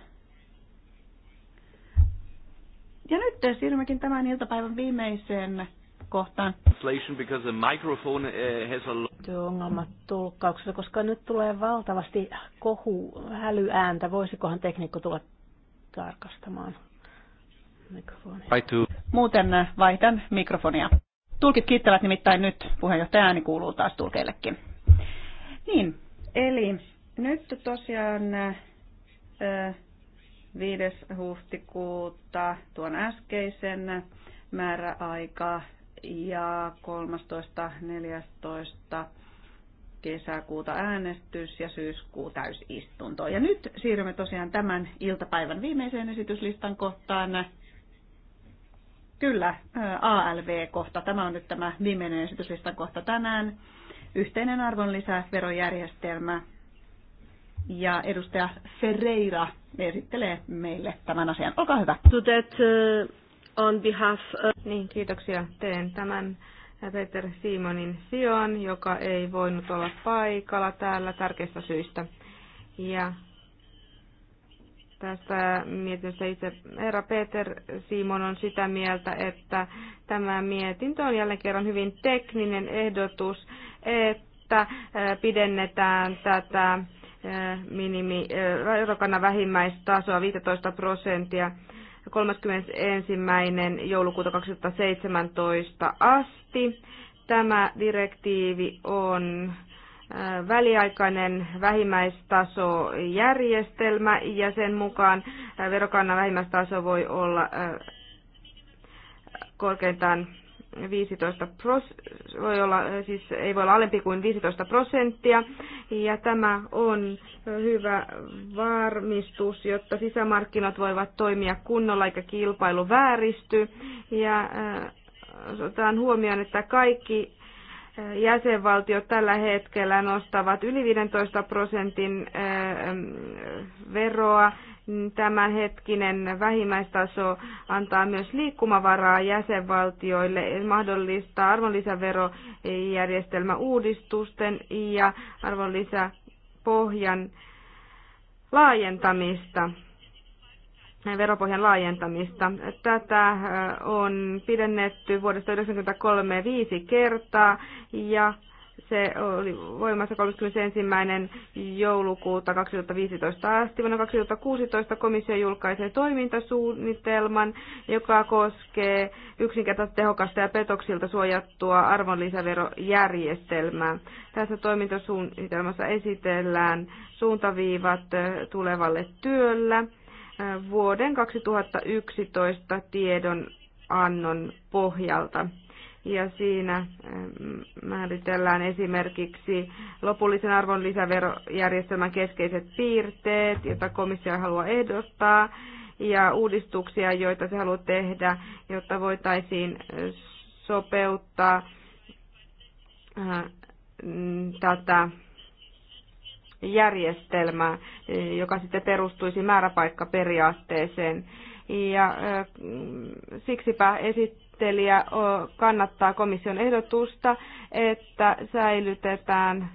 Ja nyt siirrymmekin tämän iltapäivän viimeiseen kohtaan. Uh, Ongelmat tulkkauksessa, koska nyt tulee valtavasti kohu, hälyääntä. Voisikohan tekniikko tulla tarkastamaan mikrofonia? Muuten äh, vaihdan mikrofonia. Tulkit kiittävät nimittäin nyt. Puheenjohtaja ääni kuuluu taas tulkeillekin. Niin, eli nyt tosiaan äh, 5. huhtikuuta tuon äskeisen määräaika ja 13.14. kesäkuuta äänestys ja syyskuu täysistunto. Ja nyt siirrymme tosiaan tämän iltapäivän viimeiseen esityslistan kohtaan. Kyllä, ALV-kohta. Tämä on nyt tämä viimeinen esityslistan kohta tänään. Yhteinen arvonlisäverojärjestelmä. Ja edustaja Ferreira esittelee meille tämän asian. Olkaa hyvä. Tutet, uh on behalf... Niin, kiitoksia. Teen tämän Peter Simonin sijaan, joka ei voinut olla paikalla täällä tärkeistä syistä. Ja tästä mietinnöstä itse herra Peter Simon on sitä mieltä, että tämä mietintö on jälleen kerran hyvin tekninen ehdotus, että pidennetään tätä minimi, eurokannan vähimmäistasoa 15 prosenttia 31. joulukuuta 2017 asti. Tämä direktiivi on väliaikainen vähimmäistasojärjestelmä ja sen mukaan verokannan vähimmäistaso voi olla korkeintaan 15 pros, voi olla, eh, siis ei voi olla alempi kuin 15 prosenttia. Ja tämä on hyvä varmistus, jotta sisämarkkinat voivat toimia kunnolla eikä kilpailu vääristy. Ja eh, otetaan huomioon, että kaikki eh, jäsenvaltiot tällä hetkellä nostavat yli 15 prosentin veroa tämänhetkinen vähimmäistaso antaa myös liikkumavaraa jäsenvaltioille, mahdollistaa arvonlisäverojärjestelmän uudistusten ja arvonlisäpohjan laajentamista veropohjan laajentamista. Tätä on pidennetty vuodesta 1993 viisi kertaa ja se oli voimassa 31. joulukuuta 2015 asti. Vuonna 2016 komissio julkaisee toimintasuunnitelman, joka koskee yksinkertaisesti tehokasta ja petoksilta suojattua arvonlisäverojärjestelmää. Tässä toimintasuunnitelmassa esitellään suuntaviivat tulevalle työllä vuoden 2011 tiedon annon pohjalta ja siinä eh, määritellään esimerkiksi lopullisen arvonlisäverojärjestelmän keskeiset piirteet, joita komissio haluaa ehdottaa, ja uudistuksia, joita se haluaa tehdä, jotta voitaisiin sopeuttaa eh, tätä järjestelmää, joka sitten perustuisi määräpaikkaperiaatteeseen. Ja eh, siksipä esittää esittelijä kannattaa komission ehdotusta, että säilytetään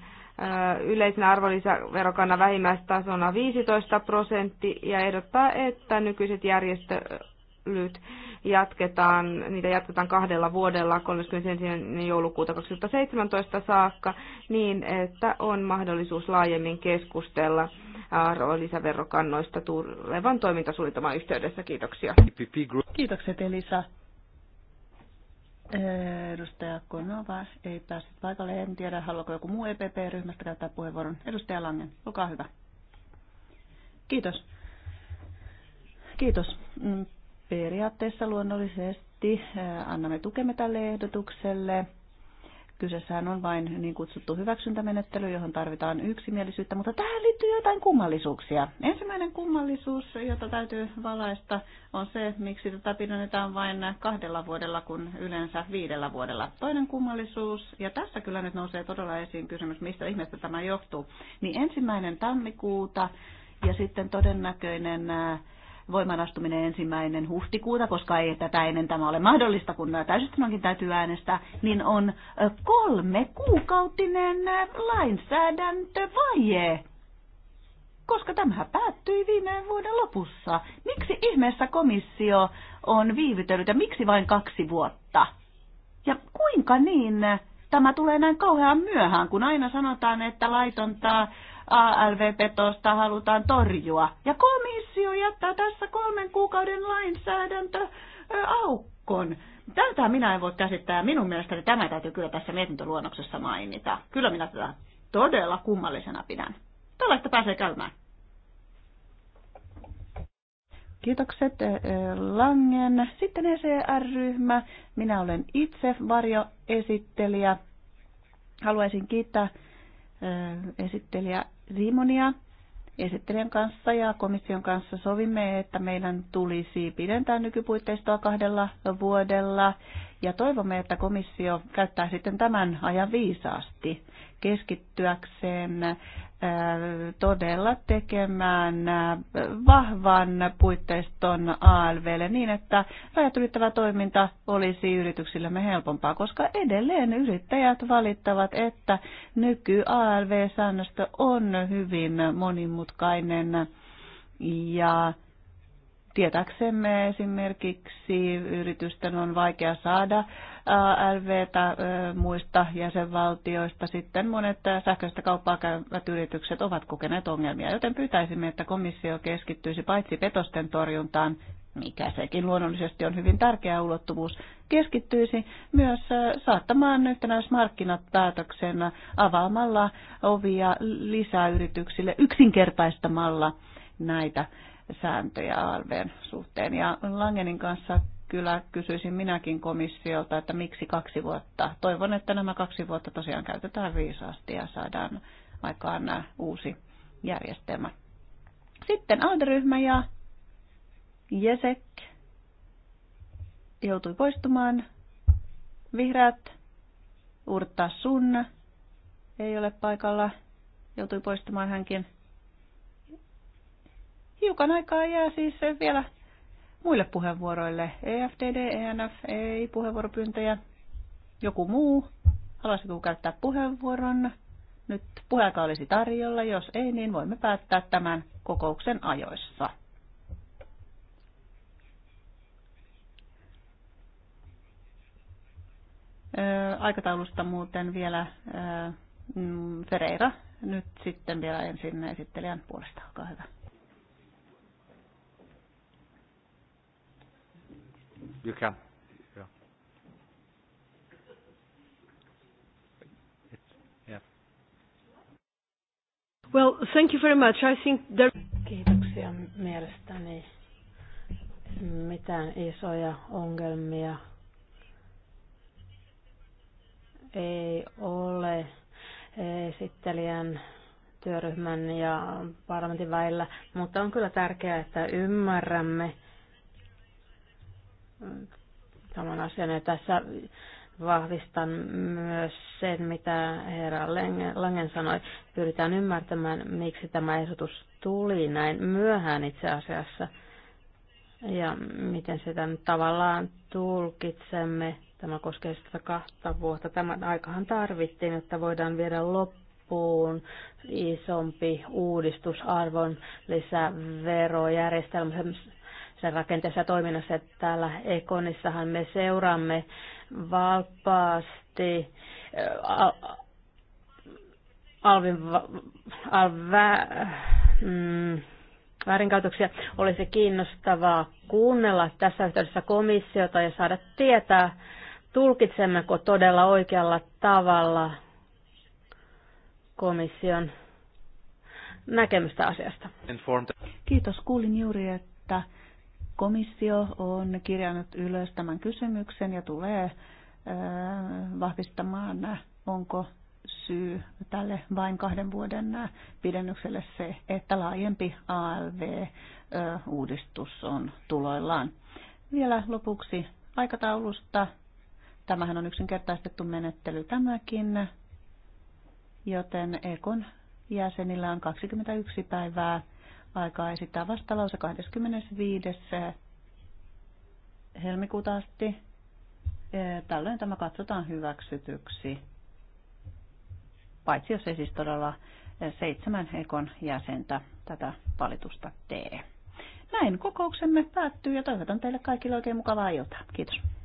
yleisenä arvonlisäverokannan vähimmäistasona 15 prosentti ja ehdottaa, että nykyiset järjestelyt jatketaan, niitä jatketaan kahdella vuodella 31. joulukuuta 2017 saakka niin, että on mahdollisuus laajemmin keskustella arvonlisäverokannoista tulevan toimintasuunnitelman yhteydessä. Kiitoksia. Kiitokset Elisa. Äh, edustaja Konova ei päässyt paikalle. En tiedä, haluaako joku muu EPP-ryhmästä käyttää puheenvuoron. Edustaja Langen, olkaa hyvä. Kiitos. Kiitos. Mm, periaatteessa luonnollisesti äh, annamme tukemme tälle ehdotukselle. Kyseessähän on vain niin kutsuttu hyväksyntämenettely, johon tarvitaan yksimielisyyttä, mutta tähän liittyy jotain kummallisuuksia. Ensimmäinen kummallisuus, jota täytyy valaista, on se, miksi tätä pidennetään vain kahdella vuodella, kun yleensä viidellä vuodella. Toinen kummallisuus, ja tässä kyllä nyt nousee todella esiin kysymys, mistä ihmeestä tämä johtuu, niin ensimmäinen tammikuuta ja sitten todennäköinen äh, voimaan astuminen ensimmäinen huhtikuuta, koska ei tätä ennen tämä ole mahdollista, kun täysistunnonkin täytyy äänestää, niin on kolme kuukautinen lainsäädäntövaje. Koska tämä päättyi viime vuoden lopussa. Miksi ihmeessä komissio on viivytellyt ja miksi vain kaksi vuotta? Ja kuinka niin tämä tulee näin kauhean myöhään, kun aina sanotaan, että laitonta ALV-petosta halutaan torjua. Ja komissio jättää tässä kolmen kuukauden lainsäädäntö aukkon. Tätä minä en voi käsittää. Minun mielestäni tämä täytyy kyllä tässä mietintöluonnoksessa mainita. Kyllä minä tätä todella kummallisena pidän. Tällaista pääsee käymään. Kiitokset Langen. Sitten ECR-ryhmä. Minä olen itse varjoesittelijä. Haluaisin kiittää esittelijä Simonia esittelijän kanssa ja komission kanssa sovimme, että meidän tulisi pidentää nykypuitteistoa kahdella vuodella ja toivomme, että komissio käyttää sitten tämän ajan viisaasti keskittyäkseen todella tekemään vahvan puitteiston ALVlle niin, että rajat ylittävä toiminta olisi yrityksillemme helpompaa, koska edelleen yrittäjät valittavat, että nyky ALV-säännöstö on hyvin monimutkainen ja Tietäksemme esimerkiksi yritysten on vaikea saada RVtä muista jäsenvaltioista. Sitten monet sähköistä kauppaa käyvät yritykset ovat kokeneet ongelmia, joten pyytäisimme, että komissio keskittyisi paitsi petosten torjuntaan, mikä sekin luonnollisesti on hyvin tärkeä ulottuvuus, keskittyisi myös saattamaan yhtenäismarkkinat päätöksen avaamalla ovia lisää yrityksille yksinkertaistamalla näitä sääntöjä ALVn suhteen. Ja Langenin kanssa kyllä kysyisin minäkin komissiolta, että miksi kaksi vuotta. Toivon, että nämä kaksi vuotta tosiaan käytetään viisaasti ja saadaan aikaan uusi järjestelmä. Sitten ALDE-ryhmä ja Jesek joutui poistumaan. Vihreät, Urta Sun ei ole paikalla, joutui poistumaan hänkin hiukan aikaa jää siis vielä muille puheenvuoroille. EFDD, ENF, ei puheenvuoropyyntöjä. Joku muu? Haluaisiko käyttää puheenvuoron? Nyt puheaika olisi tarjolla. Jos ei, niin voimme päättää tämän kokouksen ajoissa. Aikataulusta muuten vielä mm, Ferreira nyt sitten vielä ensin esittelijän puolesta. Olkaa hyvä. You can. Yeah. yeah. Well, thank you very much. I think there... Kiitoksia mielestäni. Mitään isoja ongelmia ei ole esittelijän työryhmän ja parlamentin väillä, mutta on kyllä tärkeää, että ymmärrämme, tämän asian. Ja tässä vahvistan myös sen, mitä herra Langen sanoi. Pyritään ymmärtämään, miksi tämä ehdotus tuli näin myöhään itse asiassa ja miten sitä nyt tavallaan tulkitsemme. Tämä koskee sitä kahta vuotta. Tämän aikahan tarvittiin, että voidaan viedä loppuun isompi uudistusarvon lisäverojärjestelmä sen rakenteessa ja toiminnassa. Että täällä Ekonissahan me seuraamme valpaasti alvin, alv, mm, väärinkäytöksiä. Olisi kiinnostavaa kuunnella tässä yhteydessä komissiota ja saada tietää, tulkitsemmeko todella oikealla tavalla komission näkemystä asiasta. Kiitos. Kuulin juuri, että Komissio on kirjannut ylös tämän kysymyksen ja tulee vahvistamaan, onko syy tälle vain kahden vuoden pidennykselle se, että laajempi ALV-uudistus on tuloillaan. Vielä lopuksi aikataulusta. Tämähän on yksinkertaistettu menettely tämäkin, joten Ekon jäsenillä on 21 päivää aikaa esittää vastalause 25. Eh, helmikuuta asti. Eh, tällöin tämä katsotaan hyväksytyksi, paitsi jos ei siis todella eh, seitsemän ekon jäsentä tätä valitusta tee. Näin kokouksemme päättyy ja toivotan teille kaikille oikein mukavaa iltaa. Kiitos.